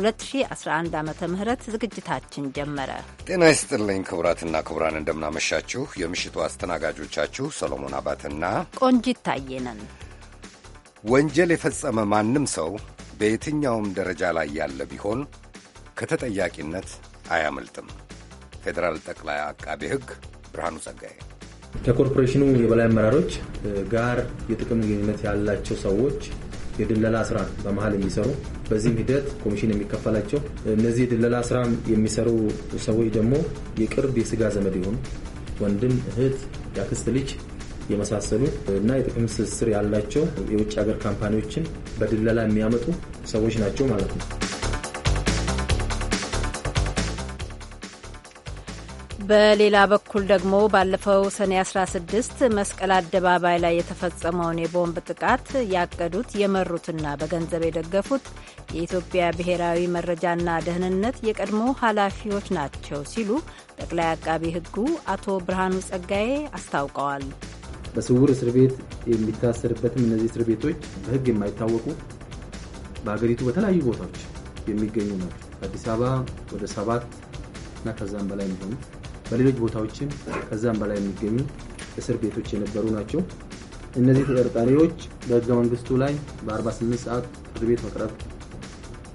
2011 ዓ ም ዝግጅታችን ጀመረ። ጤና ይስጥልኝ ክቡራትና ክቡራን፣ እንደምናመሻችሁ። የምሽቱ አስተናጋጆቻችሁ ሰሎሞን አባትና ቆንጂት ታየ ነን። ወንጀል የፈጸመ ማንም ሰው በየትኛውም ደረጃ ላይ ያለ ቢሆን ከተጠያቂነት አያመልጥም። ፌዴራል ጠቅላይ አቃቤ ሕግ ብርሃኑ ጸጋዬ ከኮርፖሬሽኑ የበላይ አመራሮች ጋር የጥቅም ግንኙነት ያላቸው ሰዎች የድለላ ስራ በመሀል የሚሰሩ በዚህም ሂደት ኮሚሽን የሚከፈላቸው እነዚህ የድለላ ስራ የሚሰሩ ሰዎች ደግሞ የቅርብ የስጋ ዘመድ የሆኑ ወንድም፣ እህት፣ የአክስት ልጅ የመሳሰሉ እና የጥቅም ትስስር ያላቸው የውጭ ሀገር ካምፓኒዎችን በድለላ የሚያመጡ ሰዎች ናቸው ማለት ነው። በሌላ በኩል ደግሞ ባለፈው ሰኔ 16 መስቀል አደባባይ ላይ የተፈጸመውን የቦምብ ጥቃት ያቀዱት የመሩትና በገንዘብ የደገፉት የኢትዮጵያ ብሔራዊ መረጃና ደህንነት የቀድሞ ኃላፊዎች ናቸው ሲሉ ጠቅላይ አቃቢ ሕጉ አቶ ብርሃኑ ጸጋዬ አስታውቀዋል። በስውር እስር ቤት የሚታሰርበትም እነዚህ እስር ቤቶች በሕግ የማይታወቁ በሀገሪቱ በተለያዩ ቦታዎች የሚገኙ ናቸው። አዲስ አበባ ወደ ሰባት እና ከዛም በላይ የሚሆኑ በሌሎች ቦታዎችም ከዛም በላይ የሚገኙ እስር ቤቶች የነበሩ ናቸው። እነዚህ ተጠርጣሪዎች በህገ መንግስቱ ላይ በ48 ሰዓት ፍርድ ቤት መቅረብ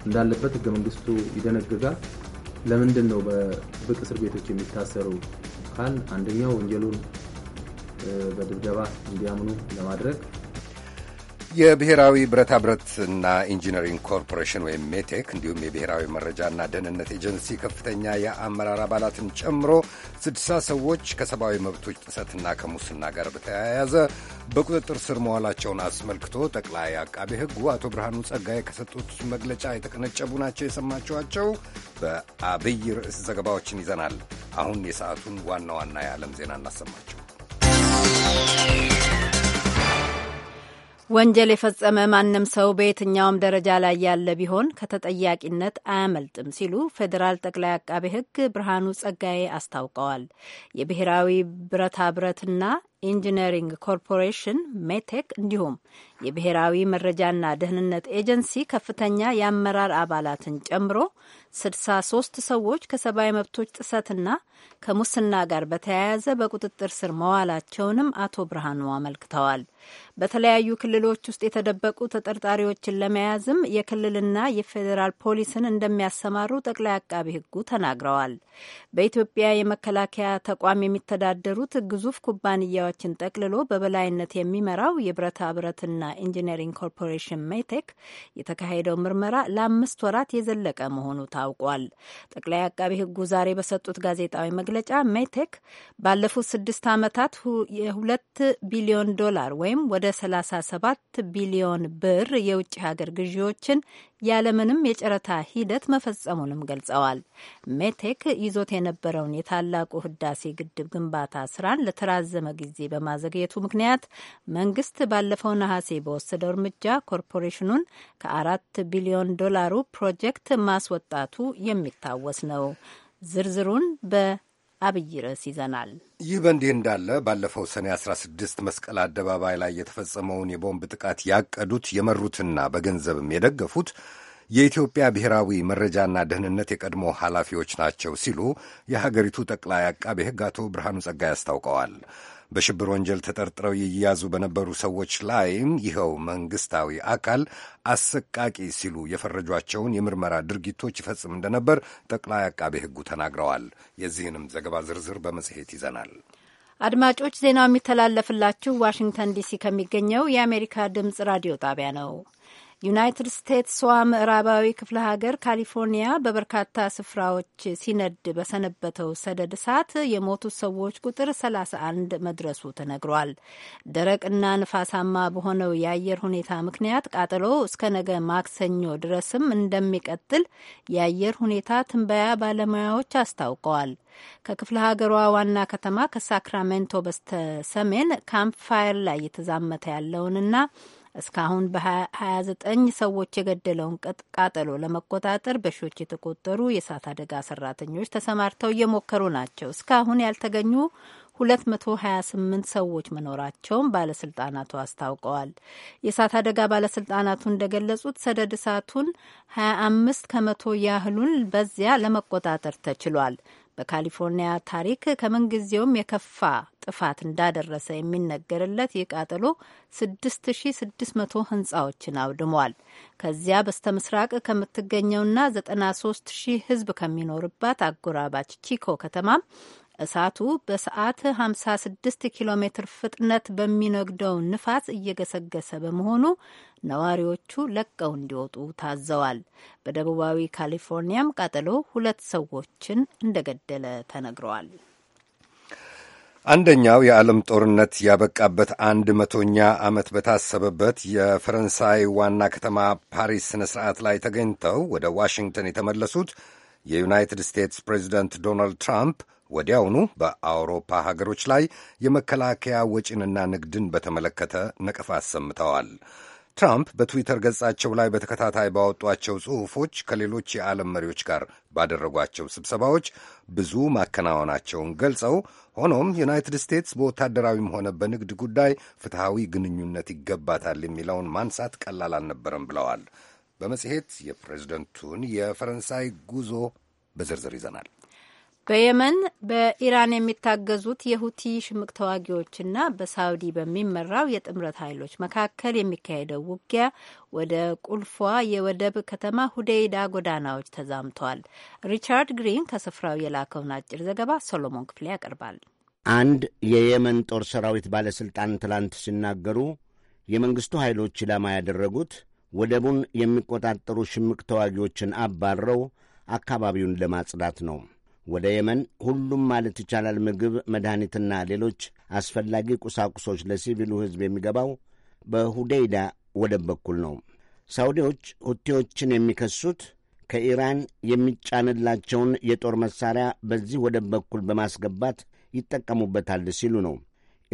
እንዳለበት ህገ መንግስቱ ይደነግጋል። ለምንድን ነው በጥብቅ እስር ቤቶች የሚታሰሩ ካል አንደኛው ወንጀሉን በድብደባ እንዲያምኑ ለማድረግ የብሔራዊ ብረታ ብረት ና ኢንጂነሪንግ ኮርፖሬሽን ወይም ሜቴክ እንዲሁም የብሔራዊ መረጃና ደህንነት ኤጀንሲ ከፍተኛ የአመራር አባላትን ጨምሮ ስድሳ ሰዎች ከሰብአዊ መብቶች ጥሰትና ከሙስና ጋር በተያያዘ በቁጥጥር ስር መዋላቸውን አስመልክቶ ጠቅላይ አቃቤ ሕጉ አቶ ብርሃኑ ጸጋዬ ከሰጡት መግለጫ የተቀነጨቡ ናቸው የሰማችኋቸው። በአብይ ርዕስ ዘገባዎችን ይዘናል። አሁን የሰዓቱን ዋና ዋና የዓለም ዜና እናሰማቸው። ወንጀል የፈጸመ ማንም ሰው በየትኛውም ደረጃ ላይ ያለ ቢሆን ከተጠያቂነት አያመልጥም ሲሉ ፌዴራል ጠቅላይ አቃቤ ሕግ ብርሃኑ ጸጋዬ አስታውቀዋል። የብሔራዊ ብረታ ብረትና ኢንጂነሪንግ ኮርፖሬሽን ሜቴክ፣ እንዲሁም የብሔራዊ መረጃና ደህንነት ኤጀንሲ ከፍተኛ የአመራር አባላትን ጨምሮ 63 ሰዎች ከሰብአዊ መብቶች ጥሰትና ከሙስና ጋር በተያያዘ በቁጥጥር ስር መዋላቸውንም አቶ ብርሃኑ አመልክተዋል። በተለያዩ ክልሎች ውስጥ የተደበቁ ተጠርጣሪዎችን ለመያዝም የክልልና የፌዴራል ፖሊስን እንደሚያሰማሩ ጠቅላይ አቃቢ ሕጉ ተናግረዋል። በኢትዮጵያ የመከላከያ ተቋም የሚተዳደሩት ግዙፍ ኩባንያዎችን ጠቅልሎ በበላይነት የሚመራው የብረታ ብረትና ኢንጂነሪንግ ኮርፖሬሽን ሜቴክ የተካሄደው ምርመራ ለአምስት ወራት የዘለቀ መሆኑ ታውቋል። ጠቅላይ አቃቢ ሕጉ ዛሬ በሰጡት ጋዜጣዊ መግለጫ ሜቴክ ባለፉት ስድስት ዓመታት የሁለት ቢሊዮን ዶላር ወይም ወይም ወደ 37 ቢሊዮን ብር የውጭ ሀገር ግዢዎችን ያለምንም የጨረታ ሂደት መፈጸሙንም ገልጸዋል። ሜቴክ ይዞት የነበረውን የታላቁ ህዳሴ ግድብ ግንባታ ስራን ለተራዘመ ጊዜ በማዘግየቱ ምክንያት መንግስት ባለፈው ነሐሴ በወሰደው እርምጃ ኮርፖሬሽኑን ከአራት ቢሊዮን ዶላሩ ፕሮጀክት ማስወጣቱ የሚታወስ ነው። ዝርዝሩን በ አብይ ርዕስ ይዘናል። ይህ በእንዲህ እንዳለ ባለፈው ሰኔ 16 መስቀል አደባባይ ላይ የተፈጸመውን የቦምብ ጥቃት ያቀዱት የመሩትና በገንዘብም የደገፉት የኢትዮጵያ ብሔራዊ መረጃና ደህንነት የቀድሞ ኃላፊዎች ናቸው ሲሉ የሀገሪቱ ጠቅላይ አቃቤ ሕግ አቶ ብርሃኑ ጸጋይ አስታውቀዋል። በሽብር ወንጀል ተጠርጥረው ይያዙ በነበሩ ሰዎች ላይም ይኸው መንግስታዊ አካል አሰቃቂ ሲሉ የፈረጇቸውን የምርመራ ድርጊቶች ይፈጽም እንደነበር ጠቅላይ አቃቤ ሕጉ ተናግረዋል። የዚህንም ዘገባ ዝርዝር በመጽሔት ይዘናል። አድማጮች ዜናው የሚተላለፍላችሁ ዋሽንግተን ዲሲ ከሚገኘው የአሜሪካ ድምፅ ራዲዮ ጣቢያ ነው። ዩናይትድ ስቴትሷ ምዕራባዊ ክፍለ ሀገር ካሊፎርኒያ በበርካታ ስፍራዎች ሲነድ በሰነበተው ሰደድ እሳት የሞቱት ሰዎች ቁጥር 31 መድረሱ ተነግሯል። ደረቅና ንፋሳማ በሆነው የአየር ሁኔታ ምክንያት ቃጠሎ እስከ ነገ ማክሰኞ ድረስም እንደሚቀጥል የአየር ሁኔታ ትንበያ ባለሙያዎች አስታውቀዋል። ከክፍለ ሀገሯ ዋና ከተማ ከሳክራሜንቶ በስተ ሰሜን ካምፕ ፋየር ላይ እየተዛመተ ያለውንና እስካሁን በ29 ሰዎች የገደለውን ቃጠሎ ለመቆጣጠር በሺዎች የተቆጠሩ የእሳት አደጋ ሰራተኞች ተሰማርተው እየሞከሩ ናቸው። እስካሁን ያልተገኙ 228 ሰዎች መኖራቸውን ባለስልጣናቱ አስታውቀዋል። የእሳት አደጋ ባለስልጣናቱ እንደገለጹት ሰደድ እሳቱን 25 ከመቶ ያህሉን በዚያ ለመቆጣጠር ተችሏል። በካሊፎርኒያ ታሪክ ከምንጊዜውም የከፋ ጥፋት እንዳደረሰ የሚነገርለት ይህ ቃጠሎ 6600 ህንፃዎችን አውድሟል። ከዚያ በስተ ምስራቅ ከምትገኘውና 93 ሺህ ህዝብ ከሚኖርባት አጎራባች ቺኮ ከተማም እሳቱ በሰዓት 56 ኪሎ ሜትር ፍጥነት በሚነግደው ንፋስ እየገሰገሰ በመሆኑ ነዋሪዎቹ ለቀው እንዲወጡ ታዘዋል። በደቡባዊ ካሊፎርኒያም ቃጠሎ ሁለት ሰዎችን እንደገደለ ተነግረዋል። አንደኛው የዓለም ጦርነት ያበቃበት አንድ መቶኛ ዓመት በታሰበበት የፈረንሳይ ዋና ከተማ ፓሪስ ሥነ ሥርዓት ላይ ተገኝተው ወደ ዋሽንግተን የተመለሱት የዩናይትድ ስቴትስ ፕሬዚደንት ዶናልድ ትራምፕ ወዲያውኑ በአውሮፓ ሀገሮች ላይ የመከላከያ ወጪንና ንግድን በተመለከተ ነቀፋ አሰምተዋል። ትራምፕ በትዊተር ገጻቸው ላይ በተከታታይ ባወጧቸው ጽሑፎች ከሌሎች የዓለም መሪዎች ጋር ባደረጓቸው ስብሰባዎች ብዙ ማከናወናቸውን ገልጸው ሆኖም ዩናይትድ ስቴትስ በወታደራዊም ሆነ በንግድ ጉዳይ ፍትሐዊ ግንኙነት ይገባታል የሚለውን ማንሳት ቀላል አልነበረም ብለዋል። በመጽሔት የፕሬዝደንቱን የፈረንሳይ ጉዞ በዝርዝር ይዘናል። በየመን በኢራን የሚታገዙት የሁቲ ሽምቅ ተዋጊዎችና በሳውዲ በሚመራው የጥምረት ኃይሎች መካከል የሚካሄደው ውጊያ ወደ ቁልፏ የወደብ ከተማ ሁዴይዳ ጎዳናዎች ተዛምተዋል። ሪቻርድ ግሪን ከስፍራው የላከውን አጭር ዘገባ ሶሎሞን ክፍሌ ያቀርባል። አንድ የየመን ጦር ሰራዊት ባለሥልጣን ትላንት ሲናገሩ የመንግሥቱ ኃይሎች ኢላማ ያደረጉት ወደቡን የሚቆጣጠሩ ሽምቅ ተዋጊዎችን አባረው አካባቢውን ለማጽዳት ነው። ወደ የመን ሁሉም ማለት ይቻላል ምግብ፣ መድኃኒትና ሌሎች አስፈላጊ ቁሳቁሶች ለሲቪሉ ሕዝብ የሚገባው በሁዴይዳ ወደብ በኩል ነው። ሳውዲዎች ሁቴዎችን የሚከሱት ከኢራን የሚጫንላቸውን የጦር መሣሪያ በዚህ ወደብ በኩል በማስገባት ይጠቀሙበታል ሲሉ ነው።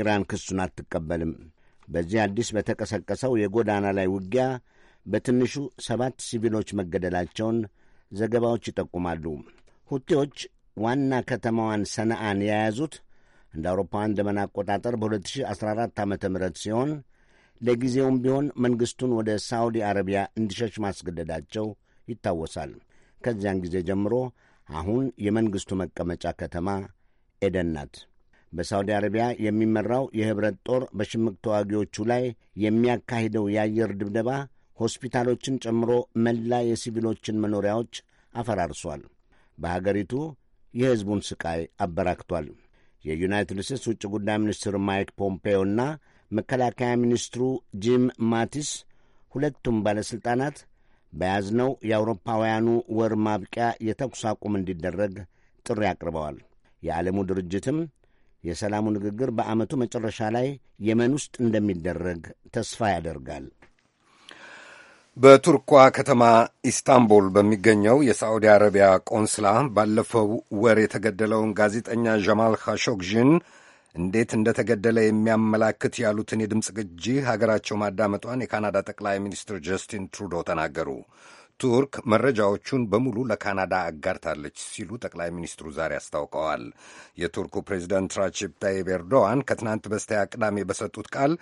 ኢራን ክሱን አትቀበልም። በዚህ አዲስ በተቀሰቀሰው የጎዳና ላይ ውጊያ በትንሹ ሰባት ሲቪሎች መገደላቸውን ዘገባዎች ይጠቁማሉ። ሁቴዎች ዋና ከተማዋን ሰነአን የያዙት እንደ አውሮፓውያን ዘመን አቆጣጠር በ2014 ዓ ም ሲሆን ለጊዜውም ቢሆን መንግሥቱን ወደ ሳዑዲ አረቢያ እንዲሸሽ ማስገደዳቸው ይታወሳል። ከዚያን ጊዜ ጀምሮ አሁን የመንግሥቱ መቀመጫ ከተማ ኤደን ናት። በሳዑዲ አረቢያ የሚመራው የኅብረት ጦር በሽምቅ ተዋጊዎቹ ላይ የሚያካሂደው የአየር ድብደባ ሆስፒታሎችን ጨምሮ መላ የሲቪሎችን መኖሪያዎች አፈራርሷል። በሀገሪቱ የሕዝቡን ስቃይ አበራክቷል። የዩናይትድ ስቴትስ ውጭ ጉዳይ ሚኒስትር ማይክ ፖምፔዮ እና መከላከያ ሚኒስትሩ ጂም ማቲስ ሁለቱም ባለሥልጣናት በያዝነው የአውሮፓውያኑ ወር ማብቂያ የተኩስ አቁም እንዲደረግ ጥሪ አቅርበዋል። የዓለሙ ድርጅትም የሰላሙ ንግግር በዓመቱ መጨረሻ ላይ የመን ውስጥ እንደሚደረግ ተስፋ ያደርጋል። በቱርኳ ከተማ ኢስታንቡል በሚገኘው የሳዑዲ አረቢያ ቆንስላ ባለፈው ወር የተገደለውን ጋዜጠኛ ጀማል ካሾግዥን እንዴት እንደተገደለ የሚያመላክት ያሉትን የድምፅ ቅጂ ሀገራቸው ማዳመጧን የካናዳ ጠቅላይ ሚኒስትር ጀስቲን ትሩዶ ተናገሩ። ቱርክ መረጃዎቹን በሙሉ ለካናዳ አጋርታለች ሲሉ ጠቅላይ ሚኒስትሩ ዛሬ አስታውቀዋል። የቱርኩ ፕሬዚደንት ራቺፕ ታይብ ኤርዶዋን ከትናንት በስቲያ ቅዳሜ በሰጡት ቃል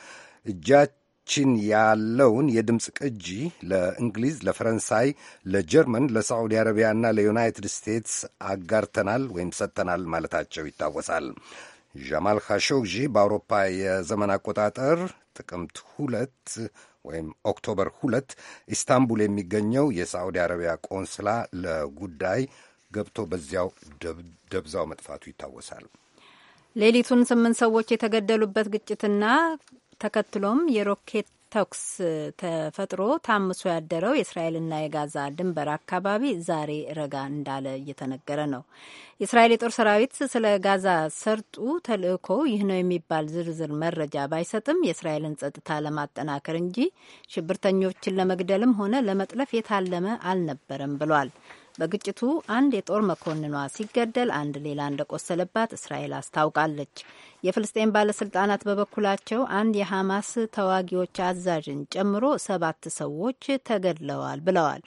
እጃቸው ችን ያለውን የድምፅ ቅጂ ለእንግሊዝ፣ ለፈረንሳይ፣ ለጀርመን፣ ለሳዑዲ አረቢያና ለዩናይትድ ስቴትስ አጋርተናል ወይም ሰጥተናል ማለታቸው ይታወሳል። ዣማል ካሾግዢ በአውሮፓ የዘመን አቆጣጠር ጥቅምት ሁለት ወይም ኦክቶበር ሁለት ኢስታንቡል የሚገኘው የሳዑዲ አረቢያ ቆንስላ ለጉዳይ ገብቶ በዚያው ደብዛው መጥፋቱ ይታወሳል። ሌሊቱን ስምንት ሰዎች የተገደሉበት ግጭትና ተከትሎም የሮኬት ተኩስ ተፈጥሮ ታምሶ ያደረው የእስራኤልና የጋዛ ድንበር አካባቢ ዛሬ ረጋ እንዳለ እየተነገረ ነው። የእስራኤል የጦር ሰራዊት ስለ ጋዛ ሰርጡ ተልእኮ ይህ ነው የሚባል ዝርዝር መረጃ ባይሰጥም የእስራኤልን ጸጥታ ለማጠናከር እንጂ ሽብርተኞችን ለመግደልም ሆነ ለመጥለፍ የታለመ አልነበረም ብሏል። በግጭቱ አንድ የጦር መኮንኗ ሲገደል፣ አንድ ሌላ እንደቆሰለባት እስራኤል አስታውቃለች። የፍልስጤን ባለስልጣናት በበኩላቸው አንድ የሐማስ ተዋጊዎች አዛዥን ጨምሮ ሰባት ሰዎች ተገድለዋል ብለዋል።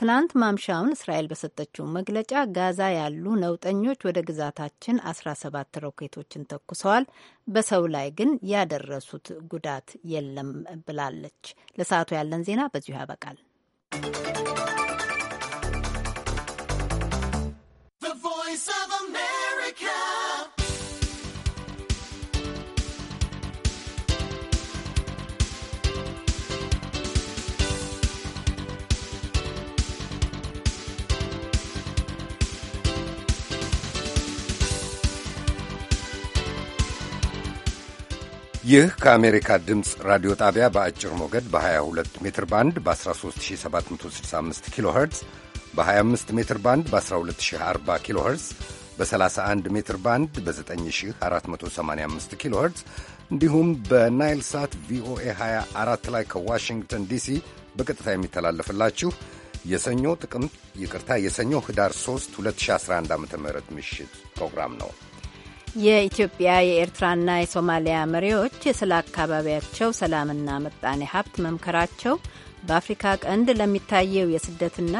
ትናንት ማምሻውን እስራኤል በሰጠችው መግለጫ ጋዛ ያሉ ነውጠኞች ወደ ግዛታችን 17 ሮኬቶችን ተኩሰዋል፣ በሰው ላይ ግን ያደረሱት ጉዳት የለም ብላለች። ለሰዓቱ ያለን ዜና በዚሁ ያበቃል። ይህ ከአሜሪካ ድምፅ ራዲዮ ጣቢያ በአጭር ሞገድ በ22 ሜትር ባንድ በ13765 ኪሎ ኸርትዝ በ25 ሜትር ባንድ በ1240 ኪሎ ኸርትዝ በ31 ሜትር ባንድ በ9485 ኪሎ ኸርትዝ እንዲሁም በናይል ሳት ቪኦኤ 24 ላይ ከዋሽንግተን ዲሲ በቀጥታ የሚተላለፍላችሁ የሰኞ ጥቅምት ይቅርታ የሰኞ ህዳር 3 2011 ዓ ም ምሽት ፕሮግራም ነው። የኢትዮጵያ የኤርትራና የሶማሊያ መሪዎች ስለ አካባቢያቸው ሰላምና ምጣኔ ሀብት መምከራቸው በአፍሪካ ቀንድ ለሚታየው የስደትና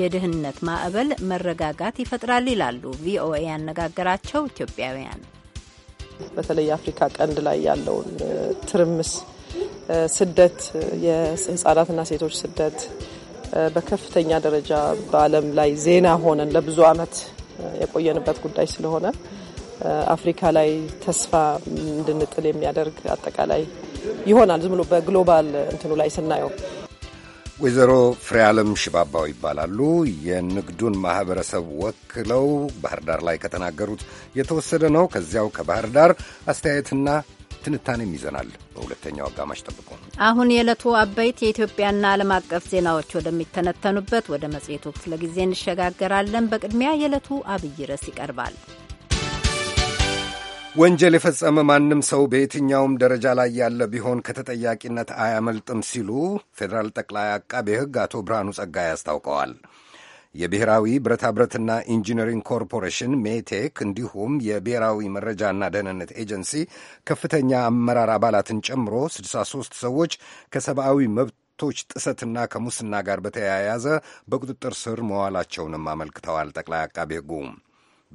የድህነት ማዕበል መረጋጋት ይፈጥራል ይላሉ ቪኦኤ ያነጋገራቸው ኢትዮጵያውያን። በተለይ የአፍሪካ ቀንድ ላይ ያለውን ትርምስ፣ ስደት፣ የህጻናትና ሴቶች ስደት በከፍተኛ ደረጃ በዓለም ላይ ዜና ሆነን ለብዙ ዓመት የቆየንበት ጉዳይ ስለሆነ አፍሪካ ላይ ተስፋ እንድንጥል የሚያደርግ አጠቃላይ ይሆናል። ዝም ብሎ በግሎባል እንትኑ ላይ ስናየው ወይዘሮ ፍሬ ሽባባው ይባላሉ። የንግዱን ማኅበረሰብ ወክለው ባህር ዳር ላይ ከተናገሩት የተወሰደ ነው። ከዚያው ከባህር ዳር አስተያየትና ትንታኔም ይዘናል በሁለተኛው አጋማሽ ጠብቆ። አሁን የዕለቱ አበይት የኢትዮጵያና ዓለም አቀፍ ዜናዎች ወደሚተነተኑበት ወደ መጽሔቱ ክፍለ ጊዜ እንሸጋገራለን። በቅድሚያ የዕለቱ አብይ ርዕስ ይቀርባል። ወንጀል የፈጸመ ማንም ሰው በየትኛውም ደረጃ ላይ ያለ ቢሆን ከተጠያቂነት አያመልጥም ሲሉ ፌዴራል ጠቅላይ አቃቤ ሕግ አቶ ብርሃኑ ጸጋይ አስታውቀዋል። የብሔራዊ ብረታ ብረትና ኢንጂነሪንግ ኮርፖሬሽን ሜቴክ እንዲሁም የብሔራዊ መረጃና ደህንነት ኤጀንሲ ከፍተኛ አመራር አባላትን ጨምሮ 63 ሰዎች ከሰብአዊ መብቶች ጥሰትና ከሙስና ጋር በተያያዘ በቁጥጥር ስር መዋላቸውንም አመልክተዋል። ጠቅላይ አቃቤ ሕጉ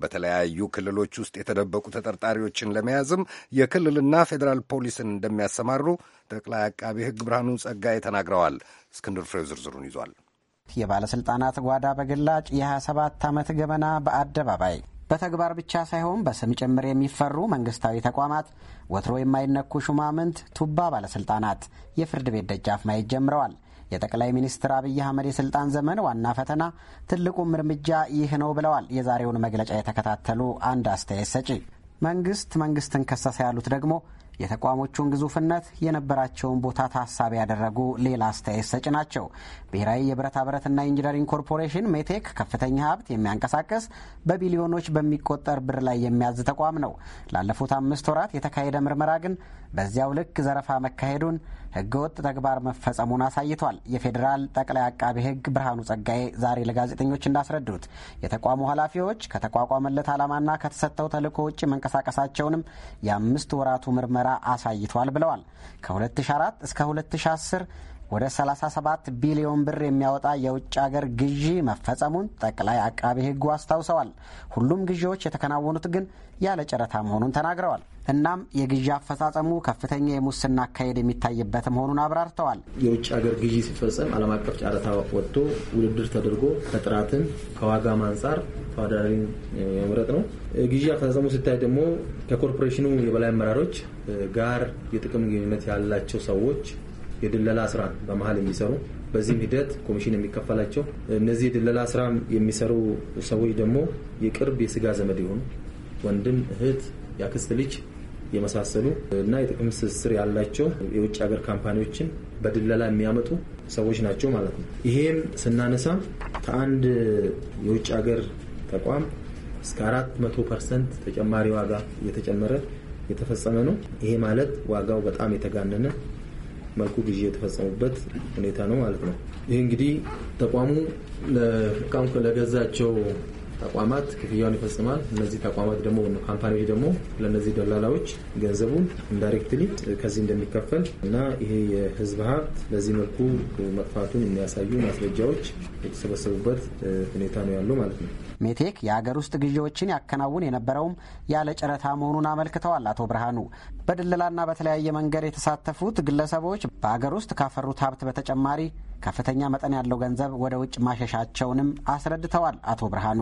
በተለያዩ ክልሎች ውስጥ የተደበቁ ተጠርጣሪዎችን ለመያዝም የክልልና ፌዴራል ፖሊስን እንደሚያሰማሩ ጠቅላይ አቃቢ ሕግ ብርሃኑ ጸጋዬ ተናግረዋል። እስክንድር ፍሬው ዝርዝሩን ይዟል። የባለሥልጣናት ጓዳ በግላጭ የ27 ዓመት ገበና በአደባባይ በተግባር ብቻ ሳይሆን በስም ጭምር የሚፈሩ መንግስታዊ ተቋማት፣ ወትሮ የማይነኩ ሹማምንት፣ ቱባ ባለሥልጣናት የፍርድ ቤት ደጃፍ ማየት ጀምረዋል። የጠቅላይ ሚኒስትር አብይ አህመድ የስልጣን ዘመን ዋና ፈተና ትልቁም እርምጃ ይህ ነው ብለዋል። የዛሬውን መግለጫ የተከታተሉ አንድ አስተያየት ሰጪ መንግስት መንግስትን ከሰሰ ያሉት ደግሞ የተቋሞቹን ግዙፍነት የነበራቸውን ቦታ ታሳቢ ያደረጉ ሌላ አስተያየት ሰጭ ናቸው። ብሔራዊ የብረታ ብረትና ኢንጂነሪንግ ኮርፖሬሽን ሜቴክ ከፍተኛ ሀብት የሚያንቀሳቀስ በቢሊዮኖች በሚቆጠር ብር ላይ የሚያዝ ተቋም ነው። ላለፉት አምስት ወራት የተካሄደ ምርመራ ግን በዚያው ልክ ዘረፋ መካሄዱን ህገወጥ ተግባር መፈጸሙን አሳይቷል። የፌዴራል ጠቅላይ አቃቤ ህግ ብርሃኑ ጸጋዬ ዛሬ ለጋዜጠኞች እንዳስረዱት የተቋሙ ኃላፊዎች ከተቋቋመለት ዓላማና ከተሰጠው ተልእኮ ውጭ መንቀሳቀሳቸውንም የአምስት ወራቱ ምርመራ አሳይቷል ብለዋል። ከ2004 እስከ 2010 ወደ 37 ቢሊዮን ብር የሚያወጣ የውጭ አገር ግዢ መፈጸሙን ጠቅላይ አቃቤ ሕጉ አስታውሰዋል። ሁሉም ግዢዎች የተከናወኑት ግን ያለ ጨረታ መሆኑን ተናግረዋል። እናም የግዢ አፈጻጸሙ ከፍተኛ የሙስና አካሄድ የሚታይበት መሆኑን አብራርተዋል። የውጭ ሀገር ግዢ ሲፈጸም ዓለም አቀፍ ጨረታ ወጥቶ ውድድር ተደርጎ ከጥራትን ከዋጋም አንጻር ተወዳዳሪን የመምረጥ ነው። ግዢ አፈጻጸሙ ሲታይ ደግሞ ከኮርፖሬሽኑ የበላይ አመራሮች ጋር የጥቅም ግንኙነት ያላቸው ሰዎች የድለላ ስራ በመሀል የሚሰሩ በዚህም ሂደት ኮሚሽን የሚከፈላቸው እነዚህ የድለላ ስራ የሚሰሩ ሰዎች ደግሞ የቅርብ የስጋ ዘመድ የሆኑ ወንድም፣ እህት፣ ያክስት ልጅ የመሳሰሉ እና የጥቅም ትስስር ያላቸው የውጭ ሀገር ካምፓኒዎችን በድለላ የሚያመጡ ሰዎች ናቸው ማለት ነው። ይሄም ስናነሳ ከአንድ የውጭ ሀገር ተቋም እስከ አራት መቶ ፐርሰንት ተጨማሪ ዋጋ እየተጨመረ የተፈጸመ ነው። ይሄ ማለት ዋጋው በጣም የተጋነነ መልኩ ግዢ የተፈጸሙበት ሁኔታ ነው ማለት ነው። ይህ እንግዲህ ተቋሙ ለቃም ለገዛቸው ተቋማት ክፍያውን ይፈጽማል። እነዚህ ተቋማት ደግሞ ካምፓኒዎች ደግሞ ለእነዚህ ደላላዎች ገንዘቡን ኢንዳይሬክትሊ ከዚህ እንደሚከፈል እና ይሄ የህዝብ ሀብት በዚህ መልኩ መጥፋቱን የሚያሳዩ ማስረጃዎች የተሰበሰቡበት ሁኔታ ነው ያለው ማለት ነው። ሜቴክ የአገር ውስጥ ግዢዎችን ያከናውን የነበረውም ያለ ጨረታ መሆኑን አመልክተዋል አቶ ብርሃኑ። በድለላና በተለያየ መንገድ የተሳተፉት ግለሰቦች በአገር ውስጥ ካፈሩት ሀብት በተጨማሪ ከፍተኛ መጠን ያለው ገንዘብ ወደ ውጭ ማሸሻቸውንም አስረድተዋል አቶ ብርሃኑ።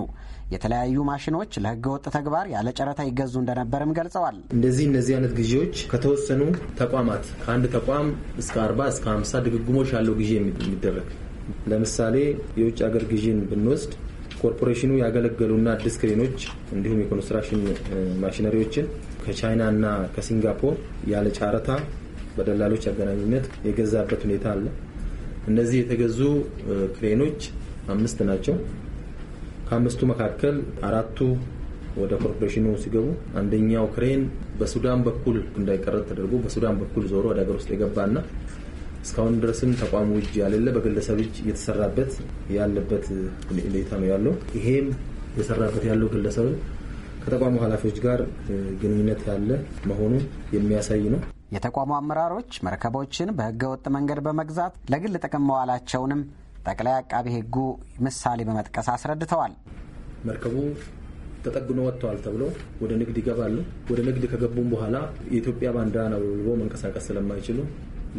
የተለያዩ ማሽኖች ለህገወጥ ተግባር ያለ ጨረታ ይገዙ እንደነበርም ገልጸዋል። እንደዚህ እነዚህ አይነት ግዢዎች ከተወሰኑ ተቋማት ከአንድ ተቋም እስከ አርባ እስከ ሀምሳ ድግግሞች ያለው ግዢ የሚደረግ ለምሳሌ የውጭ ሀገር ግዢን ብንወስድ ኮርፖሬሽኑ ያገለገሉና አዲስ ክሬኖች እንዲሁም የኮንስትራክሽን ማሽነሪዎችን ከቻይናና ከሲንጋፖር ያለ ጨረታ በደላሎች አገናኝነት የገዛበት ሁኔታ አለ። እነዚህ የተገዙ ክሬኖች አምስት ናቸው። ከአምስቱ መካከል አራቱ ወደ ኮርፖሬሽኑ ሲገቡ አንደኛው ክሬን በሱዳን በኩል እንዳይቀረጥ ተደርጎ በሱዳን በኩል ዞሮ ወደ ሀገር ውስጥ የገባና እስካሁን ድረስም ተቋሙ እጅ ያሌለ በግለሰብ እጅ እየተሰራበት ያለበት ሁኔታ ነው ያለው። ይሄም የሰራበት ያለው ግለሰብ ከተቋሙ ኃላፊዎች ጋር ግንኙነት ያለ መሆኑን የሚያሳይ ነው። የተቋሙ አመራሮች መርከቦችን በህገ ወጥ መንገድ በመግዛት ለግል ጥቅም መዋላቸውንም ጠቅላይ አቃቢ ህጉ ምሳሌ በመጥቀስ አስረድተዋል። መርከቡ ተጠግኖ ወጥተዋል ተብሎ ወደ ንግድ ይገባሉ። ወደ ንግድ ከገቡም በኋላ የኢትዮጵያ ባንዲራ ነው ብሎ መንቀሳቀስ ስለማይችሉ